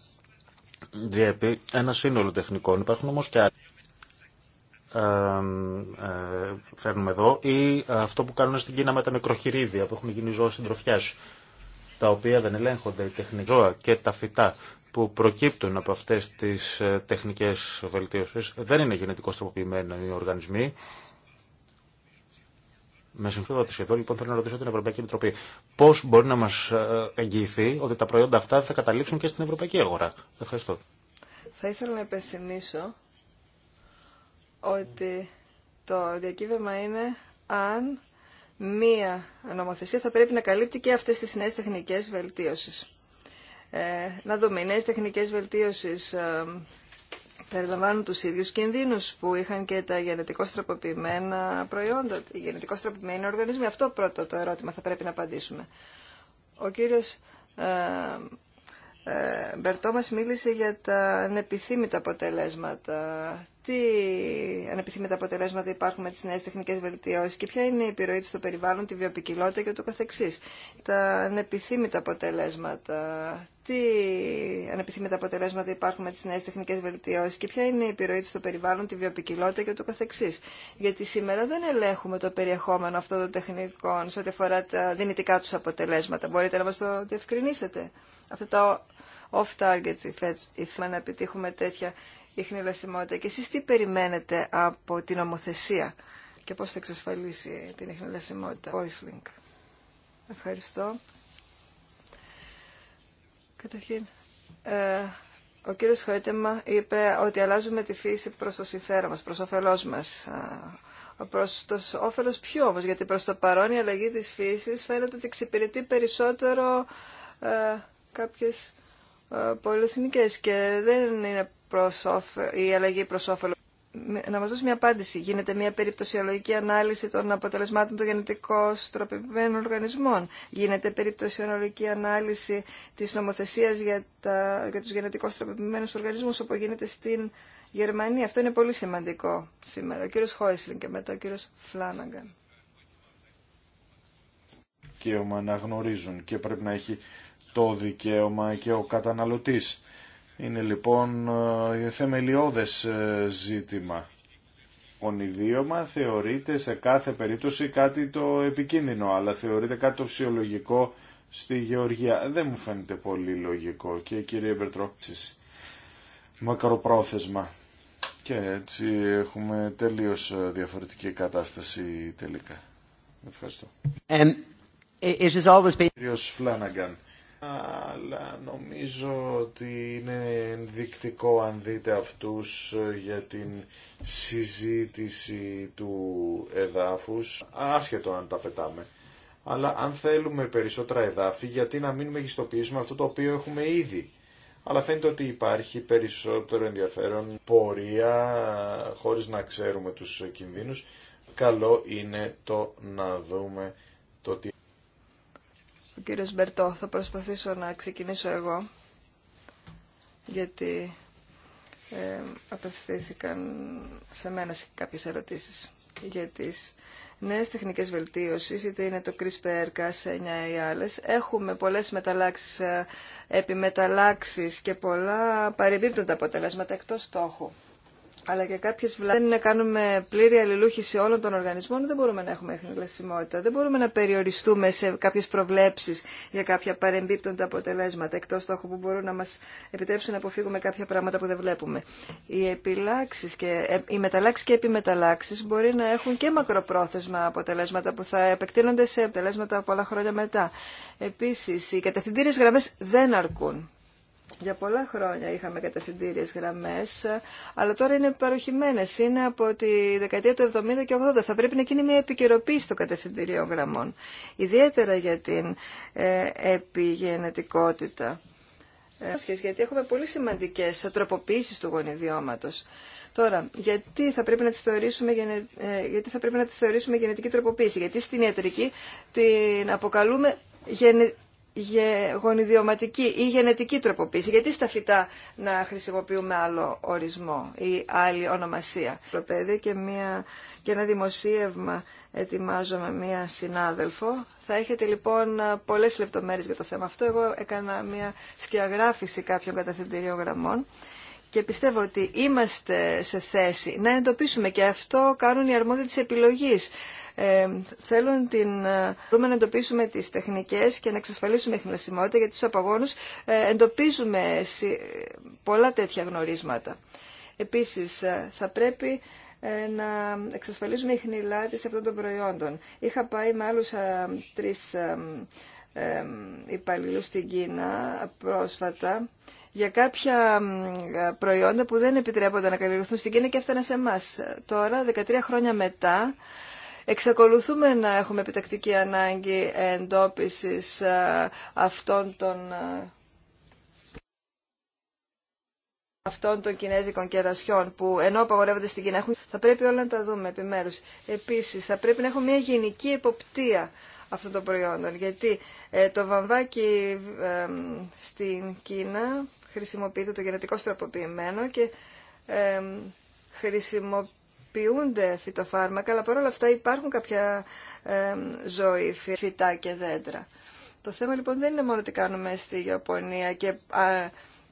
διέπει ένα σύνολο τεχνικών. Υπάρχουν όμως και άλλοι. Ε, φέρνουμε εδώ ή αυτό που κάνουν στην Κίνα με τα μικροχειρίδια που έχουν γίνει ζώα συντροφιάς τα οποία δεν ελέγχονται, η τεχνική και τα φυτά που προκύπτουν από αυτές τις ε, τεχνικές βελτίωσεις δεν είναι γενετικώς τροποποιημένοι οι οργανισμοί. Με συγχωρείτε εδώ, λοιπόν, θέλω να ρωτήσω την Ευρωπαϊκή Επιτροπή πώ μπορεί να μα ε, εγγυηθεί ότι τα προϊόντα αυτά θα καταλήξουν και στην ευρωπαϊκή αγορά. Ευχαριστώ. Θα ήθελα να υπενθυμίσω ότι το διακύβευμα είναι αν μία νομοθεσία θα πρέπει να καλύπτει και αυτές τις νέες τεχνικές βελτίωσης. Ε, να δούμε, οι νέες τεχνικές βελτίωσης ε, περιλαμβάνουν τους ίδιους κινδύνους που είχαν και τα γενετικώς τροποποιημένα προϊόντα, οι γενετικώς τροποποιημένοι οργανισμοί. Αυτό πρώτο το ερώτημα θα πρέπει να απαντήσουμε. Ο κύριος ε, ε, Μπερτό μας μίλησε για τα ανεπιθύμητα αποτελέσματα τι ανεπιθύμητα αποτελέσματα υπάρχουν με τις νέες τεχνικές βελτιώσει και ποια είναι η επιρροή του στο περιβάλλον, τη βιοπικιλότητα και ούτω Τα ανεπιθύμητα αποτελέσματα, τι ανεπιθύμητα αποτελέσματα υπάρχουν με τις νέες τεχνικές βελτιώσει και ποια είναι η επιρροή του στο περιβάλλον, τη βιοπικιλότητα και ούτω Γιατί σήμερα δεν ελέγχουμε το περιεχόμενο αυτών των τεχνικών σε ό,τι αφορά τα δυνητικά του αποτελέσματα. Μπορείτε να μα το διευκρινίσετε. Αυτά τα off-targets ή να επιτύχουμε τέτοια η εχνηλασιμότητα. και εσείς τι περιμένετε από την ομοθεσία και πώς θα εξασφαλίσει την εχνηλασιμότητα Voicelink. Ευχαριστώ. Καταρχήν, ε, ο κύριος Χοίτεμα είπε ότι αλλάζουμε τη φύση προς το συμφέρον μας, προς όφελός μας. Προ το όφελος ποιο όμως, γιατί προς το παρόν η αλλαγή της φύσης φαίνεται ότι εξυπηρετεί περισσότερο ε, κάποιες ε, και δεν είναι η αλλαγή προς όφελο. Να μας δώσει μια απάντηση. Γίνεται μια περιπτωσιολογική ανάλυση των αποτελεσμάτων των γενετικών στροπημένων οργανισμών. Γίνεται περιπτωσιολογική ανάλυση της νομοθεσίας για, τα, για τους γενετικώς στροπημένους οργανισμούς όπου γίνεται στην Γερμανία. Αυτό είναι πολύ σημαντικό σήμερα. Ο κύριος Χόισλιν και μετά ο κύριος Φλάναγκαν. Δικαίωμα να γνωρίζουν και πρέπει να έχει το δικαίωμα και ο καταναλωτής είναι λοιπόν ε, θεμελιώδες ε, ζήτημα. Ονειδίωμα θεωρείται σε κάθε περίπτωση κάτι το επικίνδυνο, αλλά θεωρείται κάτι το φυσιολογικό στη γεωργία. Δεν μου φαίνεται πολύ λογικό και κύριε Μπερτρόξης, μακροπρόθεσμα. Και έτσι έχουμε τελείως ε, διαφορετική κατάσταση τελικά. Ευχαριστώ. Um, it αλλά νομίζω ότι είναι ενδεικτικό αν δείτε αυτούς ε, για την συζήτηση του εδάφους, άσχετο αν τα πετάμε. Αλλά αν θέλουμε περισσότερα εδάφη, γιατί να μην μεγιστοποιήσουμε αυτό το οποίο έχουμε ήδη. Αλλά φαίνεται ότι υπάρχει περισσότερο ενδιαφέρον πορεία, χωρίς να ξέρουμε τους κινδύνους. Καλό είναι το να δούμε το τι ο κύριος Μπερτό. Θα προσπαθήσω να ξεκινήσω εγώ, γιατί ε, απευθύνθηκαν σε μένα σε κάποιες ερωτήσεις για τις νέες τεχνικές βελτίωσης, είτε είναι το CRISPR, Cas9 ή άλλες. Έχουμε πολλές μεταλλάξεις, ε, επιμεταλλάξεις και πολλά παρεμπίπτοντα αποτελέσματα εκτός στόχου αλλά και κάποιε βλάβε. Δεν είναι κάνουμε πλήρη αλληλούχηση όλων των οργανισμών, δεν μπορούμε να έχουμε εχνηλασιμότητα. Δεν μπορούμε να περιοριστούμε σε κάποιε προβλέψει για κάποια παρεμπίπτοντα αποτελέσματα, εκτό στόχου που μπορούν να μα επιτρέψουν να αποφύγουμε κάποια πράγματα που δεν βλέπουμε. Οι επιλάξει και ε, οι μεταλλάξει και επιμεταλλάξει μπορεί να έχουν και μακροπρόθεσμα αποτελέσματα που θα επεκτείνονται σε αποτελέσματα πολλά χρόνια μετά. Επίση, οι κατευθυντήριε γραμμέ δεν αρκούν. Για πολλά χρόνια είχαμε κατευθυντήριες γραμμές, αλλά τώρα είναι παροχημένες. Είναι από τη δεκαετία του 70 και 80. Θα πρέπει να γίνει μια επικαιροποίηση των κατευθυντηρίων γραμμών. Ιδιαίτερα για την ε, επιγενετικότητα. Ε, γιατί έχουμε πολύ σημαντικές τροποποίησεις του γονιδιώματος. Τώρα, γιατί θα πρέπει να τη θεωρήσουμε, ε, γιατί θα πρέπει να θεωρήσουμε γενετική τροποποίηση. Γιατί στην ιατρική την αποκαλούμε γενε, γονιδιωματική ή γενετική τροποποίηση. Γιατί στα φυτά να χρησιμοποιούμε άλλο ορισμό ή άλλη ονομασία. Προπέδε και, μια, και ένα δημοσίευμα ετοιμάζω με μία συνάδελφο. Θα έχετε λοιπόν πολλές λεπτομέρειες για το θέμα αυτό. Εγώ έκανα μία σκιαγράφηση κάποιων καταθετηριογραμμών γραμμών και πιστεύω ότι είμαστε σε θέση να εντοπίσουμε και αυτό κάνουν οι αρμόδιοι της επιλογής. Ε, θέλουν την, μπορούμε ε, να εντοπίσουμε τις τεχνικές και να εξασφαλίσουμε χνηλασιμότητα γιατί στους απαγόνους ε, εντοπίζουμε πολλά τέτοια γνωρίσματα. Επίσης θα πρέπει να εξασφαλίσουμε η χνηλάτηση αυτών των προϊόντων. Είχα πάει με άλλους τρεις υπαλλήλου στην Κίνα πρόσφατα για κάποια ε, προϊόντα που δεν επιτρέπονται να καλλιεργηθούν στην Κίνα και έφτανε σε εμά. Τώρα, 13 χρόνια μετά, εξακολουθούμε να έχουμε επιτακτική ανάγκη εντόπισης ε, αυτών των ε, αυτών των κινέζικων κερασιών που ενώ απαγορεύονται στην Κίνα θα πρέπει όλα να τα δούμε επιμέρους. Επίσης θα πρέπει να έχουμε μια γενική εποπτεία αυτών το προϊόντων. Γιατί ε, το βαμβάκι στην Κίνα χρησιμοποιείται το γενετικό στροποποιημένο και χρησιμοποιούνται φυτοφάρμακα, αλλά παρόλα αυτά υπάρχουν κάποια ζωή, φυτά και δέντρα. Το θέμα λοιπόν δεν είναι μόνο τι κάνουμε στη Ιαπωνία και α,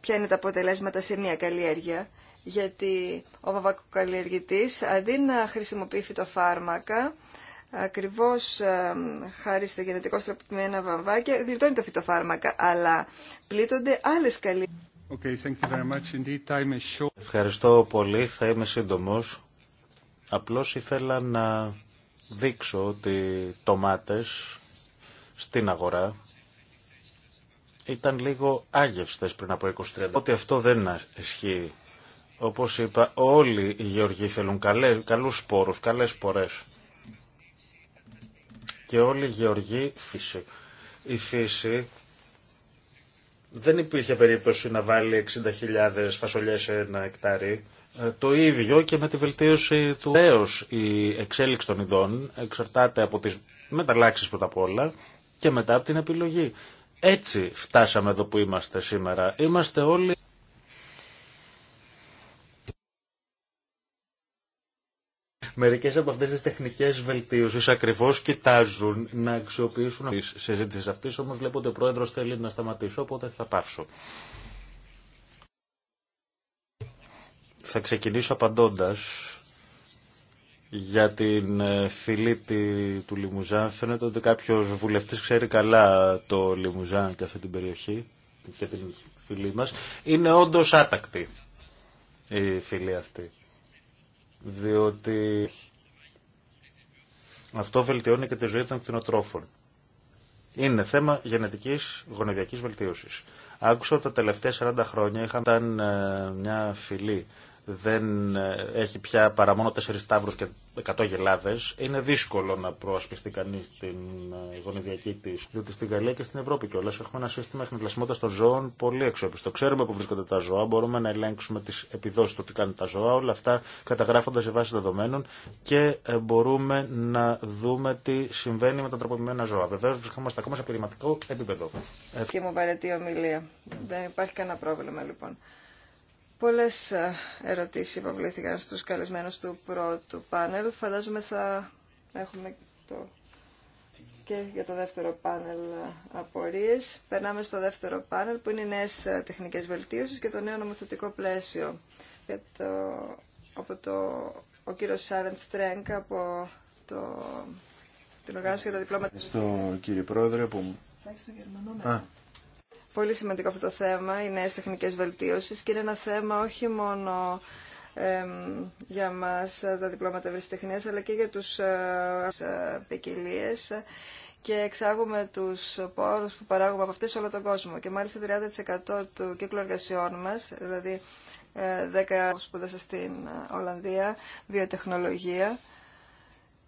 ποια είναι τα αποτελέσματα σε μια καλλιέργεια, γιατί ο βαμβακοκαλλιεργητής αντί να χρησιμοποιεί φυτοφάρμακα, ακριβώς ε, χάρη στα γενετικό στραπημένα βαμβάκια γλιτώνει τα φυτοφάρμακα, αλλά πλήττονται άλλε καλοί. Ευχαριστώ πολύ. Θα είμαι σύντομο. Απλώς ήθελα να δείξω ότι τομάτες στην αγορά ήταν λίγο άγευστες πριν από 20-30. Ότι αυτό δεν ισχύει. Όπως είπα, όλοι οι γεωργοί θέλουν καλού καλούς καλέ καλές και όλοι οι γεωργοί φύση. Η φύση δεν υπήρχε περίπτωση να βάλει 60.000 φασολιές σε ένα εκτάρι. Ε, το ίδιο και με τη βελτίωση του έως η εξέλιξη των ειδών εξαρτάται από τις μεταλλάξεις πρώτα απ' όλα και μετά από την επιλογή. Έτσι φτάσαμε εδώ που είμαστε σήμερα. Είμαστε όλοι Μερικές από αυτές τις τεχνικές βελτίωσεις ακριβώς κοιτάζουν να αξιοποιήσουν τις συζήτησεις αυτέ. όμως βλέπω ότι ο Πρόεδρος θέλει να σταματήσω, οπότε θα πάψω. Θα ξεκινήσω απαντώντας για την ε, φιλή του Λιμουζάν. Φαίνεται ότι κάποιος βουλευτής ξέρει καλά το Λιμουζάν και αυτή την περιοχή και την φιλή μας. Είναι όντως άτακτη η φιλή αυτή διότι αυτό βελτιώνει και τη ζωή των κτηνοτρόφων. Είναι θέμα γενετικής γονεδιακής βελτίωσης. Άκουσα ότι τα τελευταία 40 χρόνια είχαν ήταν ε, μια φυλή δεν ε, έχει πια παρά μόνο τέσσερις τάβρους και εκατό γελάδες, είναι δύσκολο να προασπιστεί κανείς την ε, γονιδιακή της. Διότι στην Γαλλία και στην Ευρώπη κιόλας έχουμε ένα σύστημα εχνηλασμότητας των ζώων πολύ εξόπιστο. Ξέρουμε που βρίσκονται τα ζώα, μπορούμε να ελέγξουμε τις επιδόσεις του τι κάνουν τα ζώα, όλα αυτά καταγράφονται σε βάση δεδομένων και ε, μπορούμε να δούμε τι συμβαίνει με τα τροποποιημένα ζώα. Βεβαίως βρισκόμαστε ακόμα σε περιματικό επίπεδο. Και μου παρετεί ομιλία. Δεν υπάρχει κανένα πρόβλημα λοιπόν. Πολλές ε, ερωτήσεις υποβλήθηκαν στους καλεσμένους του πρώτου πάνελ. Φαντάζομαι θα έχουμε το... και για το δεύτερο πάνελ ε, απορίες. Περνάμε στο δεύτερο πάνελ που είναι οι νέες ε, τεχνικές βελτίωσεις και το νέο νομοθετικό πλαίσιο. Για το... Από το... Ο κύριος Σάρεντ Στρέγκ από το... την οργάνωση για τα διπλώματα. Στο κύριε Πρόεδρε που πολύ σημαντικό αυτό το θέμα, οι νέες τεχνικές βελτίωσεις και είναι ένα θέμα όχι μόνο για μας τα διπλώματα ευρεσιτεχνίας αλλά και για τους ε, ε ποικιλίε και εξάγουμε τους πόρους που παράγουμε από αυτές σε όλο τον κόσμο και μάλιστα 30% του κύκλου εργασιών μας, δηλαδή 10 ε, σπούδασα στην ε, Ολλανδία, βιοτεχνολογία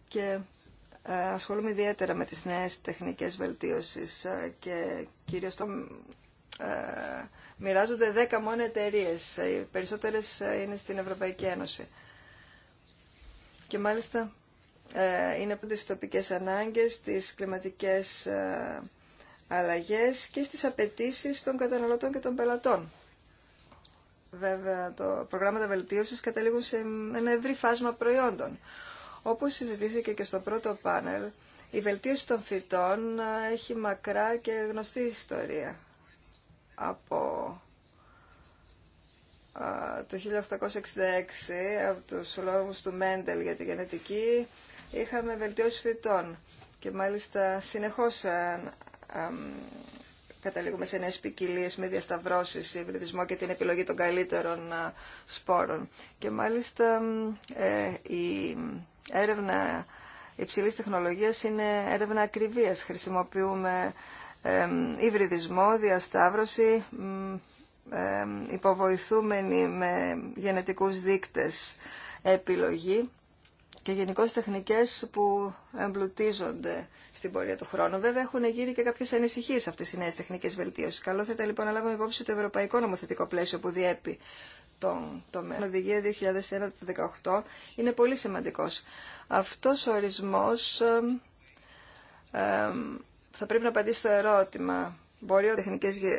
και ασχολούμαι ιδιαίτερα με τις νέες τεχνικές βελτίωσης ε, και κυρίως το ε, μοιράζονται 10 μόνο εταιρείε. Οι περισσότερες ε, είναι στην Ευρωπαϊκή Ένωση. Και μάλιστα είναι από τις τοπικές ανάγκες, τις κλιματικές αλλαγές και στις απαιτήσεις των καταναλωτών και των πελατών. Βέβαια, τα προγράμματα βελτίωσης καταλήγουν σε ένα ευρύ φάσμα προϊόντων. Όπως συζητήθηκε και στο πρώτο πάνελ, η βελτίωση των φυτών ε, έχει μακρά και γνωστή ιστορία. Από ε, το 1866, από τους λόγους του Μέντελ για τη γενετική, είχαμε βελτίωση φυτών και μάλιστα συνεχώς ε, καταλήγουμε σε νέες ποικιλίε με διασταυρώσεις, υβριδισμό και την επιλογή των καλύτερων σπόρων. Και μάλιστα η έρευνα υψηλής τεχνολογίας είναι έρευνα ακριβίας. Χρησιμοποιούμε υβριδισμό, διασταύρωση, υποβοηθούμενοι με γενετικούς δείκτες επιλογή και γενικώ τεχνικές που εμπλουτίζονται στην πορεία του χρόνου. Βέβαια έχουν γύρει και κάποιες ανησυχίες αυτές οι νέες τεχνικές βελτίωσεις. Καλό θα ήταν λοιπόν να λάβουμε υπόψη το ευρωπαϊκό νομοθετικό πλαίσιο που διέπει το τομέα. Η οδηγία 2019-2018 είναι πολύ σημαντικός. Αυτός ο ορισμός θα πρέπει να απαντήσει στο ερώτημα. Μπορεί ο τεχνικές γε,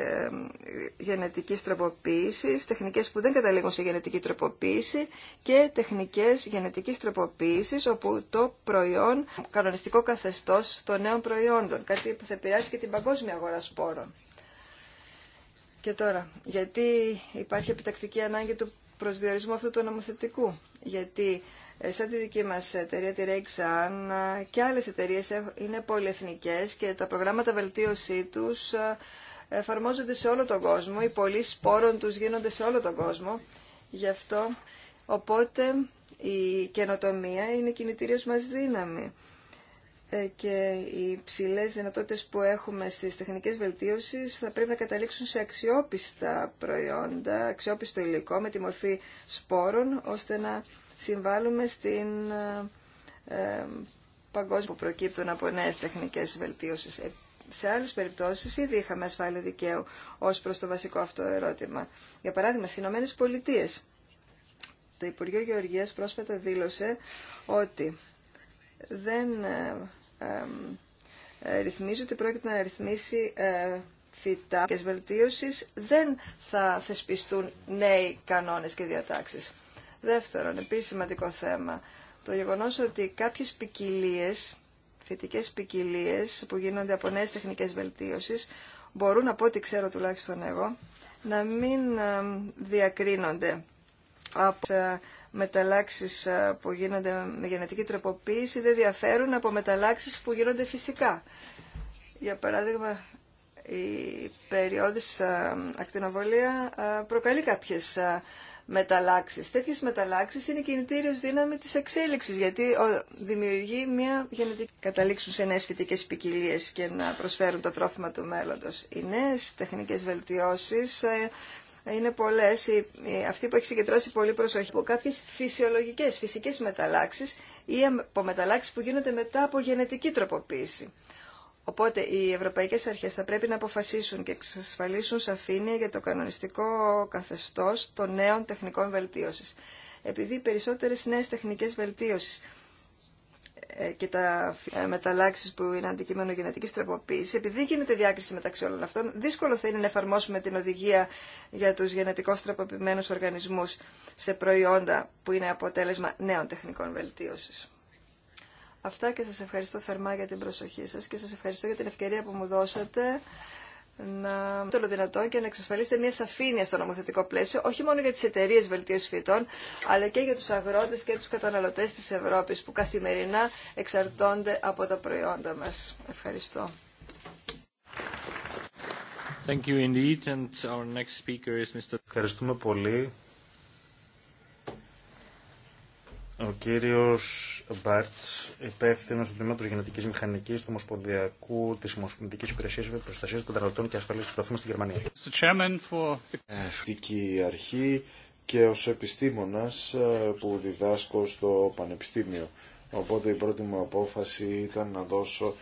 γενετικής τροποποίησης, τεχνικές που δεν καταλήγουν σε γενετική τροποποίηση και τεχνικές γενετικής τροποποίησης όπου το προϊόν, κανονιστικό καθεστώς των νέων προϊόντων, κάτι που θα επηρεάσει και την παγκόσμια αγορά σπόρων. Και τώρα, γιατί υπάρχει επιτακτική ανάγκη του προσδιορισμού αυτού του νομοθετικού. Γιατί ε, σαν τη δική μας εταιρεία, τη Rexan ε, και άλλες εταιρείες είναι πολυεθνικές και τα προγράμματα βελτίωσή τους ε, εφαρμόζονται σε όλο τον κόσμο, οι πολλοί σπόρων τους γίνονται σε όλο τον κόσμο. Γι' αυτό, οπότε η καινοτομία είναι κινητήριος μας δύναμη. Ε, και οι ψηλές δυνατότητες που έχουμε στις τεχνικές βελτίωσεις θα πρέπει να καταλήξουν σε αξιόπιστα προϊόντα, αξιόπιστο υλικό με τη μορφή σπόρων, ώστε να συμβάλλουμε στην ε, ε παγκόσμια που προκύπτουν από νέες τεχνικές βελτίωσεις. Ε, σε άλλες περιπτώσεις ήδη είχαμε ασφάλεια δικαίου ως προς το βασικό αυτό ερώτημα. Για παράδειγμα, στις Ηνωμένες Πολιτείες. Το Υπουργείο Γεωργίας πρόσφατα δήλωσε ότι δεν ε, ε, ε, ρυθμίζει ότι πρόκειται να ρυθμίσει φυτά και βελτίωσης δεν θα θεσπιστούν νέοι κανόνες και διατάξεις. Δεύτερον, επίσης σημαντικό θέμα, το γεγονός ότι κάποιες ποικιλίε, φυτικές ποικιλίε που γίνονται από νέες τεχνικές βελτίωσης μπορούν, από ό,τι ξέρω τουλάχιστον εγώ, να μην διακρίνονται από μεταλλάξεις ε, που γίνονται με γενετική τροποποίηση δεν διαφέρουν από μεταλλάξεις που γίνονται φυσικά. Για παράδειγμα, η περιόδης ε, ακτινοβολία ε, προκαλεί κάποιες μεταλλάξεις. Τέτοιες μεταλλάξεις είναι κινητήριος δύναμη της εξέλιξης, γιατί δημιουργεί μια γενετική καταλήξουν σε νέες φυτικές ποικιλίε και να προσφέρουν τα τρόφιμα του μέλλοντος. Οι νέες τεχνικές βελτιώσεις είναι πολλές, αυτή που έχει συγκεντρώσει πολύ προσοχή από κάποιες φυσιολογικές, φυσικές μεταλλάξεις ή από μεταλλάξει που γίνονται μετά από γενετική τροποποίηση. Οπότε οι ευρωπαϊκές αρχές θα πρέπει να αποφασίσουν και εξασφαλίσουν σαφήνεια για το κανονιστικό καθεστώς των νέων τεχνικών βελτίωση, Επειδή οι περισσότερες νέες τεχνικές ε, και τα ε, μεταλλάξει που είναι αντικείμενο γενετική τροποποίηση, επειδή γίνεται διάκριση μεταξύ όλων αυτών, δύσκολο θα είναι να εφαρμόσουμε την οδηγία για του γενετικώ τροποποιημένου οργανισμού σε προϊόντα που είναι αποτέλεσμα νέων τεχνικών βελτίωση. Αυτά και σας ευχαριστώ θερμά για την προσοχή σας και σας ευχαριστώ για την ευκαιρία που μου δώσατε να το δυνατόν και να εξασφαλίσετε μια σαφήνεια στο νομοθετικό πλαίσιο, όχι μόνο για τις εταιρείε βελτίωση φυτών, αλλά και για τους αγρότες και τους καταναλωτές της Ευρώπης που καθημερινά εξαρτώνται από τα προϊόντα μας. Ευχαριστώ. Thank you indeed. And our next speaker is Mr. Ευχαριστούμε πολύ. Ο κύριος Μπάρτς, υπεύθυνος του Τμήματος Γενετικής Μηχανικής του Ομοσπονδιακού της Υπηρεσία Υπηρεσίας Προστασίας των Καταναλωτών και Ασφαλείας του Τροφίμου στη Γερμανία. Ευτική αρχή και ως επιστήμονας ε, που διδάσκω στο Πανεπιστήμιο. Οπότε η πρώτη μου απόφαση ήταν να δώσω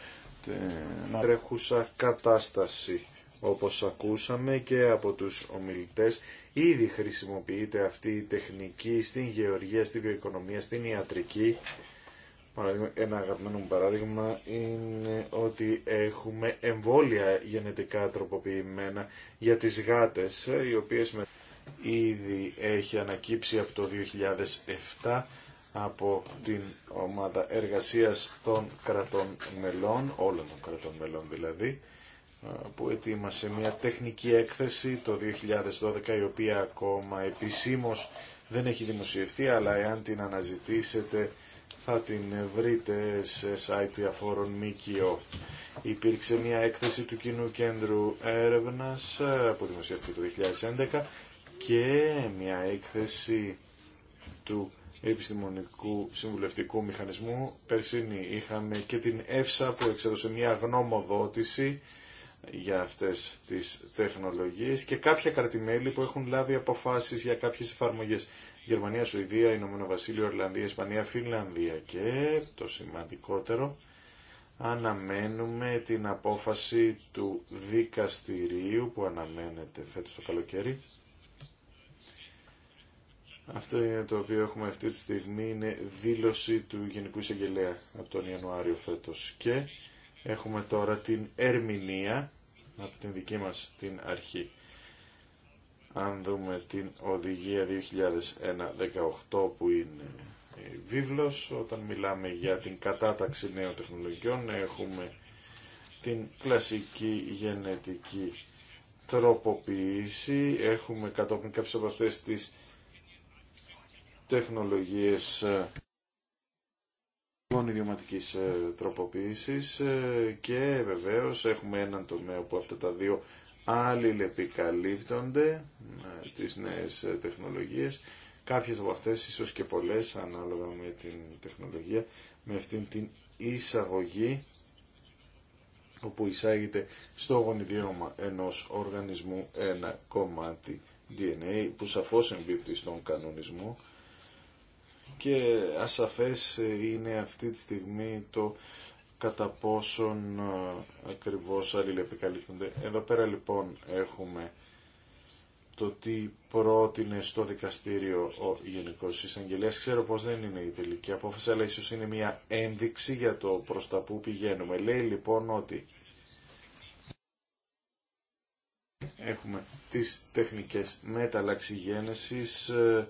την τρέχουσα κατάσταση όπως ακούσαμε και από τους ομιλητές, ήδη χρησιμοποιείται αυτή η τεχνική στην γεωργία, στην βιοοικονομία, στην ιατρική. Ένα αγαπημένο μου παράδειγμα είναι ότι έχουμε εμβόλια γενετικά τροποποιημένα για τις γάτες, οι οποίες ήδη έχει ανακύψει από το 2007 από την ομάδα εργασίας των κρατών μελών, όλων των κρατών μελών δηλαδή, που ετοίμασε μια τεχνική έκθεση το 2012 η οποία ακόμα επισήμως δεν έχει δημοσιευτεί αλλά εάν την αναζητήσετε θα την βρείτε σε site αφόρων ΜΚΟ. Υπήρξε μια έκθεση του Κοινού Κέντρου Έρευνας ε, που δημοσιεύτηκε το 2011 και μια έκθεση του Επιστημονικού Συμβουλευτικού Μηχανισμού. Περσίνη είχαμε και την ΕΦΣΑ που εξέδωσε μια γνώμοδότηση για αυτές τις τεχνολογίες και κάποια κρατημέλη που έχουν λάβει αποφάσεις για κάποιες εφαρμογές. Γερμανία, Σουηδία, Ηνωμένο Βασίλειο, Ορλανδία, Ισπανία, Φινλανδία και το σημαντικότερο αναμένουμε την απόφαση του δικαστηρίου που αναμένεται φέτος το καλοκαίρι. Αυτό είναι το οποίο έχουμε αυτή τη στιγμή είναι δήλωση του Γενικού Εισαγγελέα από τον Ιανουάριο φέτος και Έχουμε τώρα την ερμηνεία από την δική μας την αρχή. Αν δούμε την οδηγια 2018 που είναι βίβλος, όταν μιλάμε για την κατάταξη νέων τεχνολογιών έχουμε την κλασική γενετική τροποποίηση, έχουμε κατόπιν κάποιες από αυτές τις τεχνολογίες ε, λοιπόν τροποποίηση ε, τροποποίησης ε, και βεβαίως έχουμε έναν τομέα που αυτά τα δύο αλληλεπικαλύπτονται τις νέες ε, τεχνολογίες κάποιες από αυτές ίσως και πολλές ανάλογα με την τεχνολογία με αυτήν την εισαγωγή όπου εισάγεται στο γονιδίωμα ενός οργανισμού ένα κομμάτι DNA που σαφώς εμπίπτει στον κανονισμό και ασαφές είναι αυτή τη στιγμή το κατά πόσον ε, ακριβώς αλληλεπικαλύπτονται. Εδώ πέρα λοιπόν έχουμε το τι πρότεινε στο δικαστήριο ο Γενικός Εισαγγελέας. Ξέρω πως δεν είναι η τελική απόφαση, αλλά ίσως είναι μια ένδειξη για το προς τα που πηγαίνουμε. Λέει λοιπόν ότι έχουμε τις τεχνικές μεταλλαξιγένεσης, ε,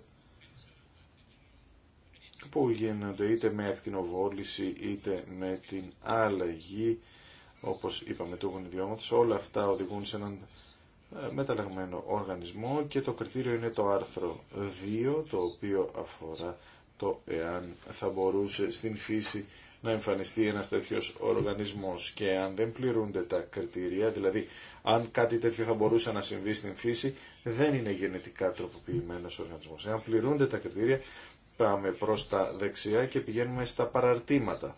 που γίνονται είτε με ακτινοβόληση είτε με την αλλαγή, όπως είπαμε, του γονιδιώματος. Όλα αυτά οδηγούν σε έναν ε, μεταλλαγμένο οργανισμό και το κριτήριο είναι το άρθρο 2, το οποίο αφορά το εάν θα μπορούσε στην φύση να εμφανιστεί ένας τέτοιος οργανισμός και αν δεν πληρούνται τα κριτήρια, δηλαδή αν κάτι τέτοιο θα μπορούσε να συμβεί στην φύση, δεν είναι γενετικά τροποποιημένος οργανισμός. Εάν πληρούνται τα κριτήρια, πάμε προς τα δεξιά και πηγαίνουμε στα παραρτήματα.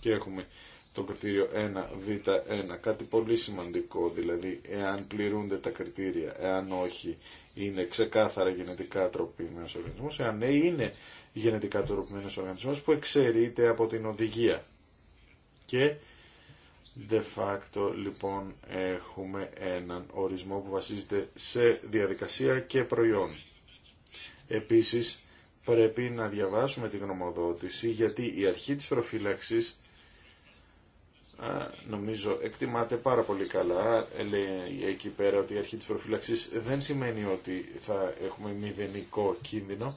Και έχουμε το κριτήριο 1β1, κάτι πολύ σημαντικό, δηλαδή εάν πληρούνται τα κριτήρια, εάν όχι είναι ξεκάθαρα γενετικά τροποποιημένος οργανισμός, εάν ναι είναι γενετικά τροποποιημένος οργανισμός που εξαιρείται από την οδηγία. Και de facto λοιπόν έχουμε έναν ορισμό που βασίζεται σε διαδικασία και προϊόν. Επίσης πρέπει να διαβάσουμε τη γνωμοδότηση γιατί η αρχή της προφύλαξης νομίζω εκτιμάται πάρα πολύ καλά λέει εκεί πέρα ότι η αρχή της προφύλαξης δεν σημαίνει ότι θα έχουμε μηδενικό κίνδυνο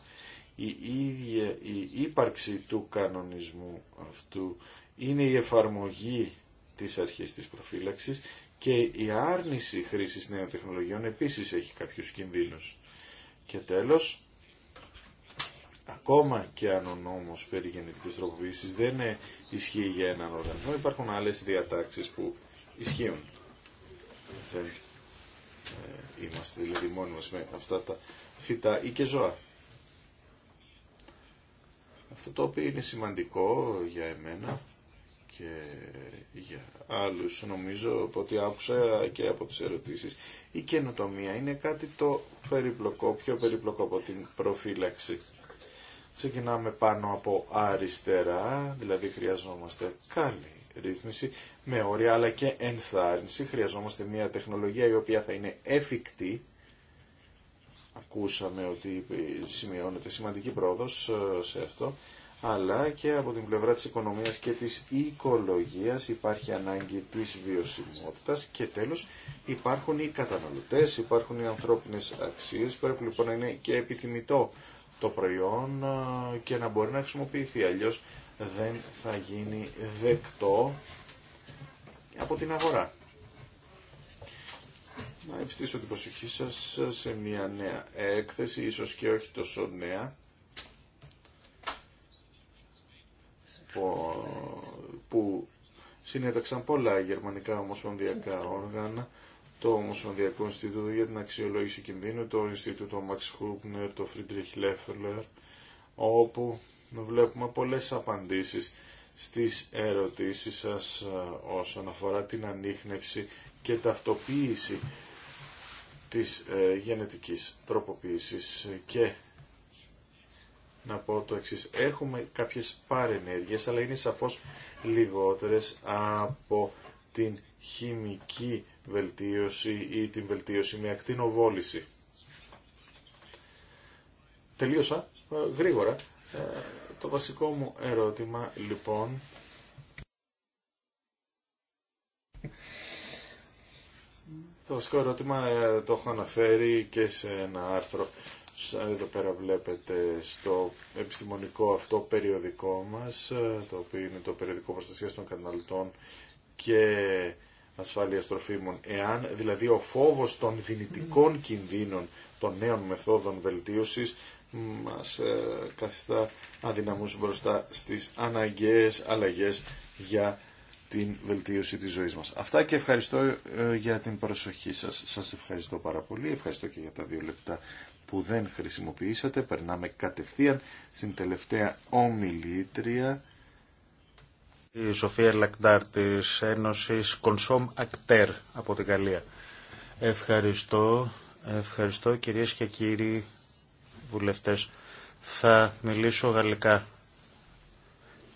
η ίδια η ύπαρξη του κανονισμού αυτού είναι η εφαρμογή της αρχής της προφύλαξης και η άρνηση χρήσης νέων τεχνολογιών επίσης έχει κάποιους κινδύνους. Και τέλος, Ακόμα και αν ο νόμος περί γενετική τροποποίησης δεν ε, ισχύει για έναν οργανισμό, υπάρχουν άλλε διατάξεις που ισχύουν. Δεν ε, είμαστε δηλαδή μόνοι μα με αυτά τα φυτά ή και ζώα. Αυτό το οποίο είναι σημαντικό για εμένα και για άλλους νομίζω από ό,τι άκουσα και από τις ερωτήσεις η καινοτομία είναι κάτι το περιπλοκό, πιο περιπλοκό από την προφύλαξη Ξεκινάμε πάνω από αριστερά, δηλαδή χρειαζόμαστε καλή ρύθμιση με όρια αλλά και ενθάρρυνση. Χρειαζόμαστε μια τεχνολογία η οποία θα είναι εφικτή. Ακούσαμε ότι σημειώνεται σημαντική πρόοδος ε, σε αυτό αλλά και από την πλευρά της οικονομίας και της οικολογίας υπάρχει ανάγκη της βιωσιμότητας και τέλος υπάρχουν οι καταναλωτές, υπάρχουν οι ανθρώπινες αξίες, πρέπει λοιπόν να είναι και επιθυμητό το προϊόν και να μπορεί να χρησιμοποιηθεί. Αλλιώς δεν θα γίνει δεκτό από την αγορά. Να ευστήσω την προσοχή σας σε μια νέα έκθεση, ίσως και όχι τόσο νέα, που συνέταξαν πολλά γερμανικά ομοσπονδιακά όργανα το Ομοσπονδιακό Ινστιτούτο για την Αξιολόγηση Κινδύνου, το Ινστιτούτο Max Χούπνερ, το Friedrich Leffler, όπου βλέπουμε πολλές απαντήσεις στις ερωτήσεις σας ε, όσον αφορά την ανείχνευση και ταυτοποίηση της ε, γενετικής τροποποίησης και να πω το εξής. Έχουμε κάποιες παρενέργειες, αλλά είναι σαφώς λιγότερες από την χημική βελτίωση ή την βελτίωση με ακτινοβόληση. Τελείωσα ε, γρήγορα. Ε, το βασικό μου ερώτημα λοιπόν Το βασικό ερώτημα ε, το έχω αναφέρει και σε ένα άρθρο εδώ πέρα βλέπετε στο επιστημονικό αυτό περιοδικό μας, το οποίο είναι το περιοδικό προστασία των καταναλωτών και ασφάλειας τροφίμων, εάν δηλαδή ο φόβος των δυνητικών κινδύνων των νέων μεθόδων βελτίωσης μας ε, καθιστά αδυναμούς μπροστά στις αναγκαίες αλλαγές για την βελτίωση της ζωής μας. Αυτά και ευχαριστώ ε, για την προσοχή σας. Σας ευχαριστώ πάρα πολύ. Ευχαριστώ και για τα δύο λεπτά που δεν χρησιμοποιήσατε. Περνάμε κατευθείαν στην τελευταία ομιλήτρια η Σοφία Λακντάρ της Ένωσης Κονσόμ Ακτέρ από την Γαλλία. Ευχαριστώ, ευχαριστώ κυρίες και κύριοι βουλευτές. Θα μιλήσω γαλλικά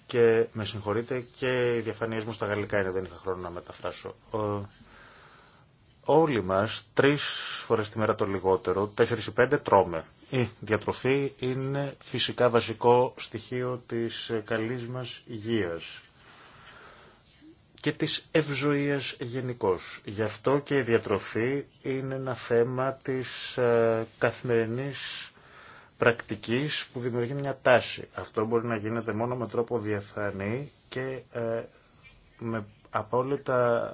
και με συγχωρείτε και οι τα μου στα γαλλικά είναι, δεν είχα χρόνο να μεταφράσω. Όλοι μας, τρεις φορές τη μέρα το λιγότερο, τέσσερις ή πέντε τρώμε. Η διατροφή είναι φυσικά βασικό στοιχείο της καλής μας υγείας και της ευζοίας γενικώ. Γι' αυτό και η διατροφή είναι ένα θέμα της ε, καθημερινής πρακτικής που δημιουργεί μια τάση. Αυτό μπορεί να γίνεται μόνο με τρόπο διαφανή και ε, με απόλυτα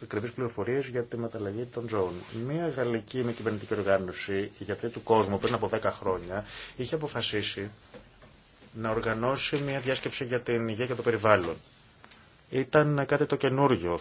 ε, κρυβείς πληροφορίες για τη μεταλλαγή των ζώων. Μία γαλλική με κυβερνητική οργάνωση, η γιατροί του κόσμου, πριν από 10 χρόνια, είχε αποφασίσει να οργανώσει μια γαλλικη με κυβερνητικη οργανωση για αυτη του κοσμου πριν απο 10 χρονια ειχε αποφασισει να οργανωσει μια διασκεψη για την υγεία και το περιβάλλον ήταν κάτι το καινούριο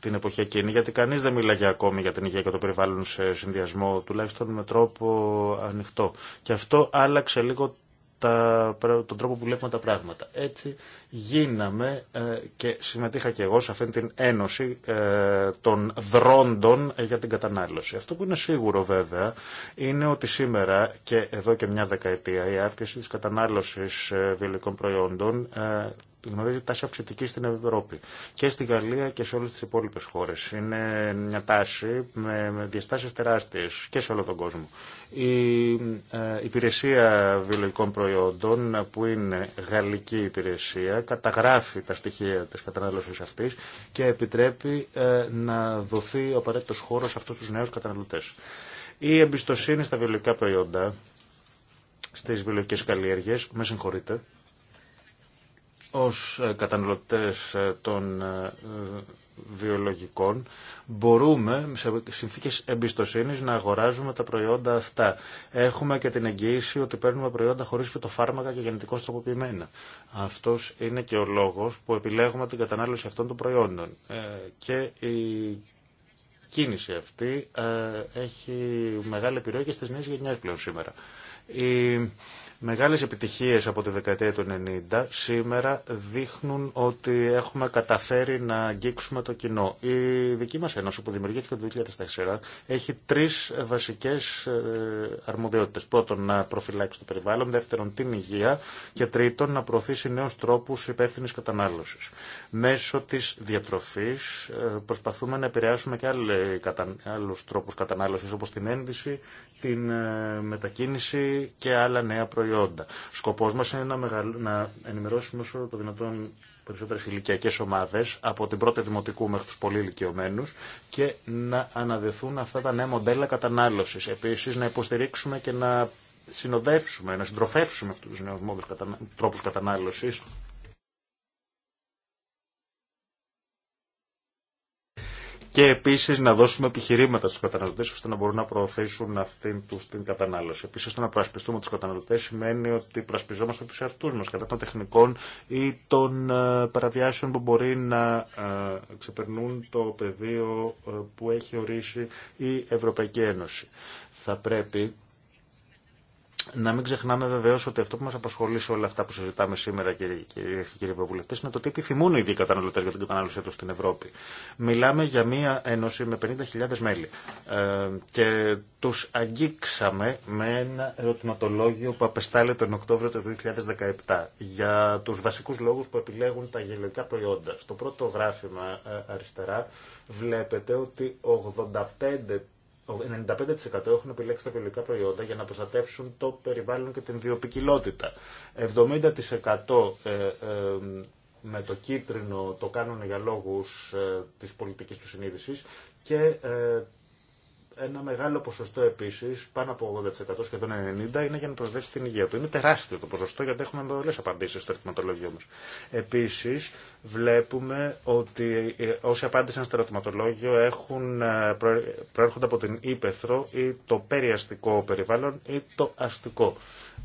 την εποχή εκείνη, γιατί κανεί δεν μίλαγε ακόμη για την υγεία και το περιβάλλον σε συνδυασμό, τουλάχιστον με τρόπο ανοιχτό. Και αυτό άλλαξε λίγο τα, τον τρόπο που βλέπουμε τα πράγματα. Έτσι γίναμε ε, και συμμετείχα και εγώ σε αυτήν την ένωση ε, των δρόντων για την κατανάλωση. Αυτό που είναι σίγουρο βέβαια είναι ότι σήμερα και εδώ και μια δεκαετία η αύξηση της κατανάλωσης ε, βιολογικών προϊόντων ε, γνωρίζει τάση αυξητική στην Ευρώπη και στη Γαλλία και σε όλες τις υπόλοιπες χώρες. Είναι μια τάση με διαστάσεις τεράστιες και σε όλο τον κόσμο. Η ε, υπηρεσία βιολογικών προϊόντων που είναι γαλλική υπηρεσία καταγράφει τα στοιχεία της καταναλώσεως αυτής και επιτρέπει ε, να δοθεί ο απαραίτητος χώρος σε αυτούς τους νέους καταναλωτές. Η εμπιστοσύνη στα βιολογικά προϊόντα, στις βιολογικές καλλιέργειες, με συγχωρείτε, ως ε, καταναλωτές ε, των ε, βιολογικών μπορούμε σε συνθήκες εμπιστοσύνης να αγοράζουμε τα προϊόντα αυτά. Έχουμε και την εγγύηση ότι παίρνουμε προϊόντα χωρίς φυτοφάρμακα και γενετικώς τροποποιημένα. Αυτός είναι και ο λόγος που επιλέγουμε την κατανάλωση αυτών των προϊόντων. και η κίνηση αυτή έχει μεγάλη επιρροή και στις νέες γενιές πλέον σήμερα. Η Μεγάλες επιτυχίες από τη δεκαετία του 90 σήμερα δείχνουν ότι έχουμε καταφέρει να αγγίξουμε το κοινό. Η δική μας ένωση που δημιουργήθηκε το 2004 έχει τρεις βασικές ε, αρμοδιότητες. Πρώτον, να προφυλάξει το περιβάλλον, δεύτερον, την υγεία και τρίτον, να προωθήσει νέους τρόπους υπεύθυνη κατανάλωσης. Μέσω της διατροφής ε, προσπαθούμε να επηρεάσουμε και άλλους τρόπους κατανάλωσης όπως την ένδυση, την ε, μετακίνηση και άλλα νέα προϊόντα προϊόντα. Σκοπός μας είναι να, να ενημερώσουμε όσο το δυνατόν περισσότερε ηλικιακέ ομάδες από την πρώτη δημοτικού μέχρι του πολύ ηλικιωμένου και να αναδεθούν αυτά τα νέα μοντέλα κατανάλωση. Επίσης να υποστηρίξουμε και να συνοδεύσουμε, να συντροφεύσουμε αυτούς τους νέους τρόπου τρόπους κατανάλωσης και επίσης να δώσουμε επιχειρήματα στους καταναλωτές ώστε να μπορούν να προωθήσουν αυτήν τους την κατανάλωση. Επίσης το να προασπιστούμε τους καταναλωτές σημαίνει ότι προασπιζόμαστε τους εαυτούς μας κατά των τεχνικών ή των ε, παραβιάσεων που μπορεί να ε, ξεπερνούν το πεδίο ε, που έχει ορίσει η Ευρωπαϊκή Ένωση. Θα πρέπει να μην ξεχνάμε βεβαίω ότι αυτό που μα απασχολεί σε όλα αυτά που συζητάμε σήμερα, κύριε και κύριοι Βουλευτέ, είναι το τι επιθυμούν οι ίδιοι καταναλωτέ για την κατανάλωσή του στην Ευρώπη. Μιλάμε για μία ένωση με 50.000 μέλη. Ε, και του αγγίξαμε με ένα ερωτηματολόγιο που απεστάλλεται τον Οκτώβριο του 2017 για του βασικού λόγου που επιλέγουν τα γελικά προϊόντα. Στο πρώτο γράφημα ε, αριστερά βλέπετε ότι 85 95% έχουν επιλέξει τα βιολογικά προϊόντα για να προστατεύσουν το περιβάλλον και την βιοπικιλότητα. 70% ε, ε, με το κίτρινο το κάνουν για λόγους ε, της πολιτικής του συνείδησης και ένα μεγάλο ποσοστό επίση, πάνω από 80% σχεδόν 90% είναι για να προσδέσει την υγεία του. Είναι τεράστιο το ποσοστό γιατί έχουμε πολλέ απαντήσει στο ερωτηματολόγιο μα. Επίση, βλέπουμε ότι ε, όσοι απάντησαν στο ερωτηματολόγιο έχουν, ε, προέρχονται από την ύπεθρο ή το περιαστικό περιβάλλον ή το αστικό.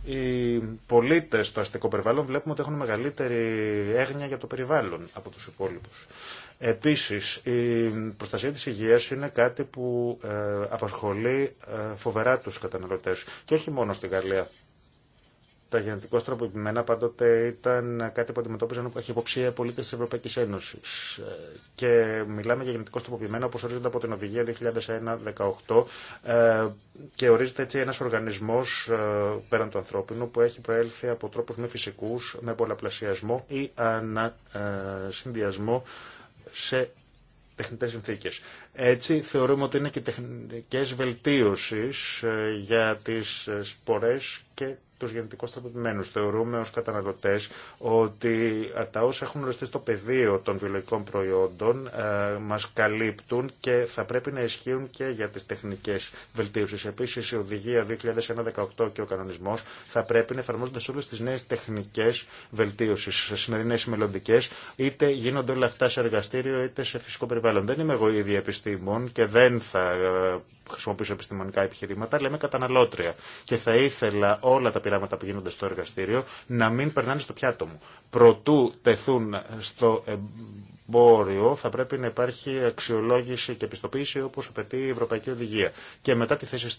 Οι πολίτε στο αστικό περιβάλλον βλέπουμε ότι έχουν μεγαλύτερη έγνοια για το περιβάλλον από του υπόλοιπου. Επίσης, η προστασία της υγείας είναι κάτι που ε, απασχολεί ε, φοβερά τους καταναλωτές και όχι μόνο στη Γαλλία. Τα γενετικώς τροποποιημένα πάντοτε ήταν κάτι που αντιμετώπιζαν οι πολίτε τη Ευρωπαϊκή Ένωση. Ε, και μιλάμε για γενετικώς τροποποιημένα όπω ορίζονται από την Οδηγία 2001-18 και ορίζεται έτσι ένα οργανισμό πέραν του ανθρώπινου που έχει προέλθει από τρόπου μη φυσικού, με πολλαπλασιασμό ή ανασυνδυασμό σε τεχνητές συνθήκες. Έτσι θεωρούμε ότι είναι και τεχνικές βελτίωσεις ε, για τις ε, σπορές και τους γενετικώς τροποποιημένους. Θεωρούμε ως καταναλωτές ότι ε, τα όσα έχουν οριστεί στο πεδίο των βιολογικών προϊόντων ε, μας καλύπτουν και θα πρέπει να ισχύουν και για τις τεχνικές βελτίωσεις. Επίσης η οδηγία 2018 και ο κανονισμός θα πρέπει να εφαρμόζονται σε όλες τις νέες τεχνικές βελτίωσεις, σε σημερινές ή μελλοντικές, είτε γίνονται όλα αυτά σε εργαστήριο είτε σε φυσικό περιβάλλον. Δεν είμαι εγώ ήδη επιστήμων και δεν θα ε, χρησιμοποιήσω επιστημονικά επιχειρήματα, λέμε καταναλώτρια. Και θα ήθελα όλα τα πειράματα που γίνονται στο εργαστήριο να μην περνάνε στο πιάτο μου. Προτού τεθούν στο ε, θα πρέπει να υπάρχει αξιολόγηση και επιστοποίηση όπως απαιτεί η Ευρωπαϊκή Οδηγία. Και μετά τη θέση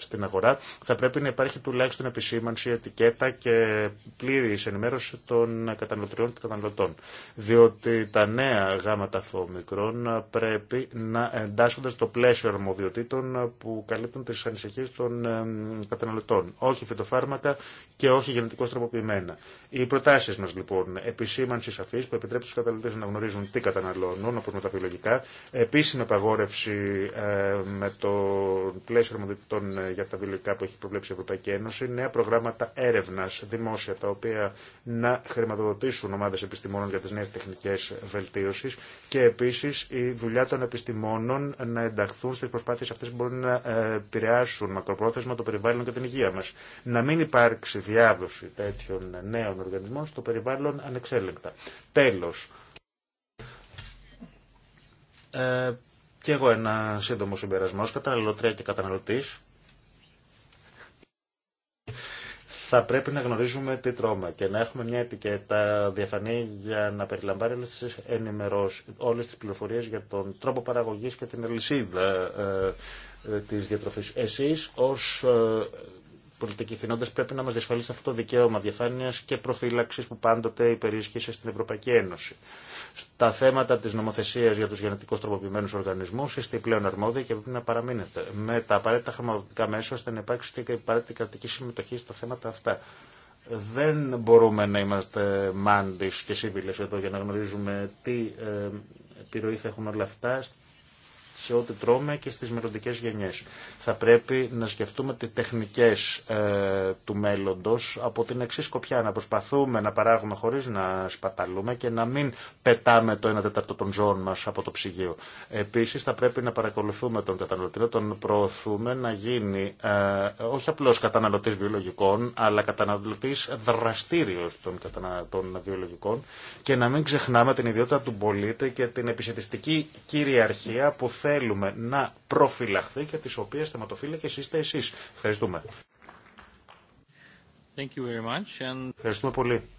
στην αγορά θα πρέπει να υπάρχει τουλάχιστον επισήμανση, ετικέτα και πλήρη ενημέρωση των καταναλωτριών και καταναλωτών. Διότι τα νέα γάματα φωμικρών πρέπει να εντάσσονται στο πλαίσιο αρμοδιοτήτων που καλύπτουν τις ανησυχίες των ε, καταναλωτών. Όχι φυτοφάρμακα και όχι γενετικώς τροποποιημένα. Οι προτάσεις μας λοιπόν, επισήμανση σαφής που επιτρέπει του καταναλωτέ να γνωρίζουν τι καταναλώνουν, όπω με τα βιολογικά. Επίσημη απαγόρευση ε, με το πλαίσιο αρμοδιοτήτων ε, για τα βιολογικά που έχει προβλέψει η Ευρωπαϊκή Ένωση. Νέα προγράμματα έρευνα, δημόσια, τα οποία να χρηματοδοτήσουν ομάδε επιστημόνων για τι νέε τεχνικέ βελτίωση. Και επίση η δουλειά των επιστημόνων να ενταχθούν στι προσπάθειε αυτέ που μπορούν να ε, επηρεάσουν μακροπρόθεσμα το περιβάλλον και την υγεία μα. Να μην υπάρξει διάδοση τέτοιων νέων οργανισμών στο περιβάλλον ανεξέλεγκτα. Τέλο, ε, και εγώ ένα σύντομο συμπερασμό ως καταναλωτρία και καταναλωτής. Θα πρέπει να γνωρίζουμε τι τρώμε και να έχουμε μια ετικέτα διαφανή για να περιλαμβάνει όλες τις ενημερώσεις, όλες τις πληροφορίες για τον τρόπο παραγωγής και την αλυσίδα ε, ε της διατροφής. Εσείς ως ε, πολιτικοί πρέπει να μα διασφαλίσει αυτό το δικαίωμα διαφάνεια και προφύλαξη που πάντοτε υπερίσχυσε στην Ευρωπαϊκή Ένωση. Στα θέματα τη νομοθεσία για του γενετικώ τροποποιημένου οργανισμού είστε πλέον αρμόδιοι και πρέπει να παραμείνετε με τα απαραίτητα χρηματοδοτικά μέσα ώστε να υπάρξει και η απαραίτητη κρατική συμμετοχή στα θέματα αυτά. Δεν μπορούμε να είμαστε μάντη και σύμβιλε εδώ για να γνωρίζουμε τι ε, επιρροή θα έχουν όλα αυτά σε ό,τι τρώμε και στις μελλοντικέ γενιές. Θα πρέπει να σκεφτούμε τις τεχνικές ε, του μέλλοντος από την εξή σκοπιά, να προσπαθούμε να παράγουμε χωρίς να σπαταλούμε και να μην πετάμε το 1 τέταρτο των ζώων μας από το ψυγείο. Επίσης θα πρέπει να παρακολουθούμε τον καταναλωτή, να τον προωθούμε να γίνει ε, όχι απλώς καταναλωτής βιολογικών, αλλά καταναλωτής δραστήριος των, κατανα... των βιολογικών και να μην ξεχνάμε την ιδιότητα του πολίτη και την επισητιστική κυριαρχία που θέλουμε να προφυλαχθεί και τις οποίες θεματοφύλακες είστε εσείς. Ευχαριστούμε. Thank you very much and... Ευχαριστούμε πολύ.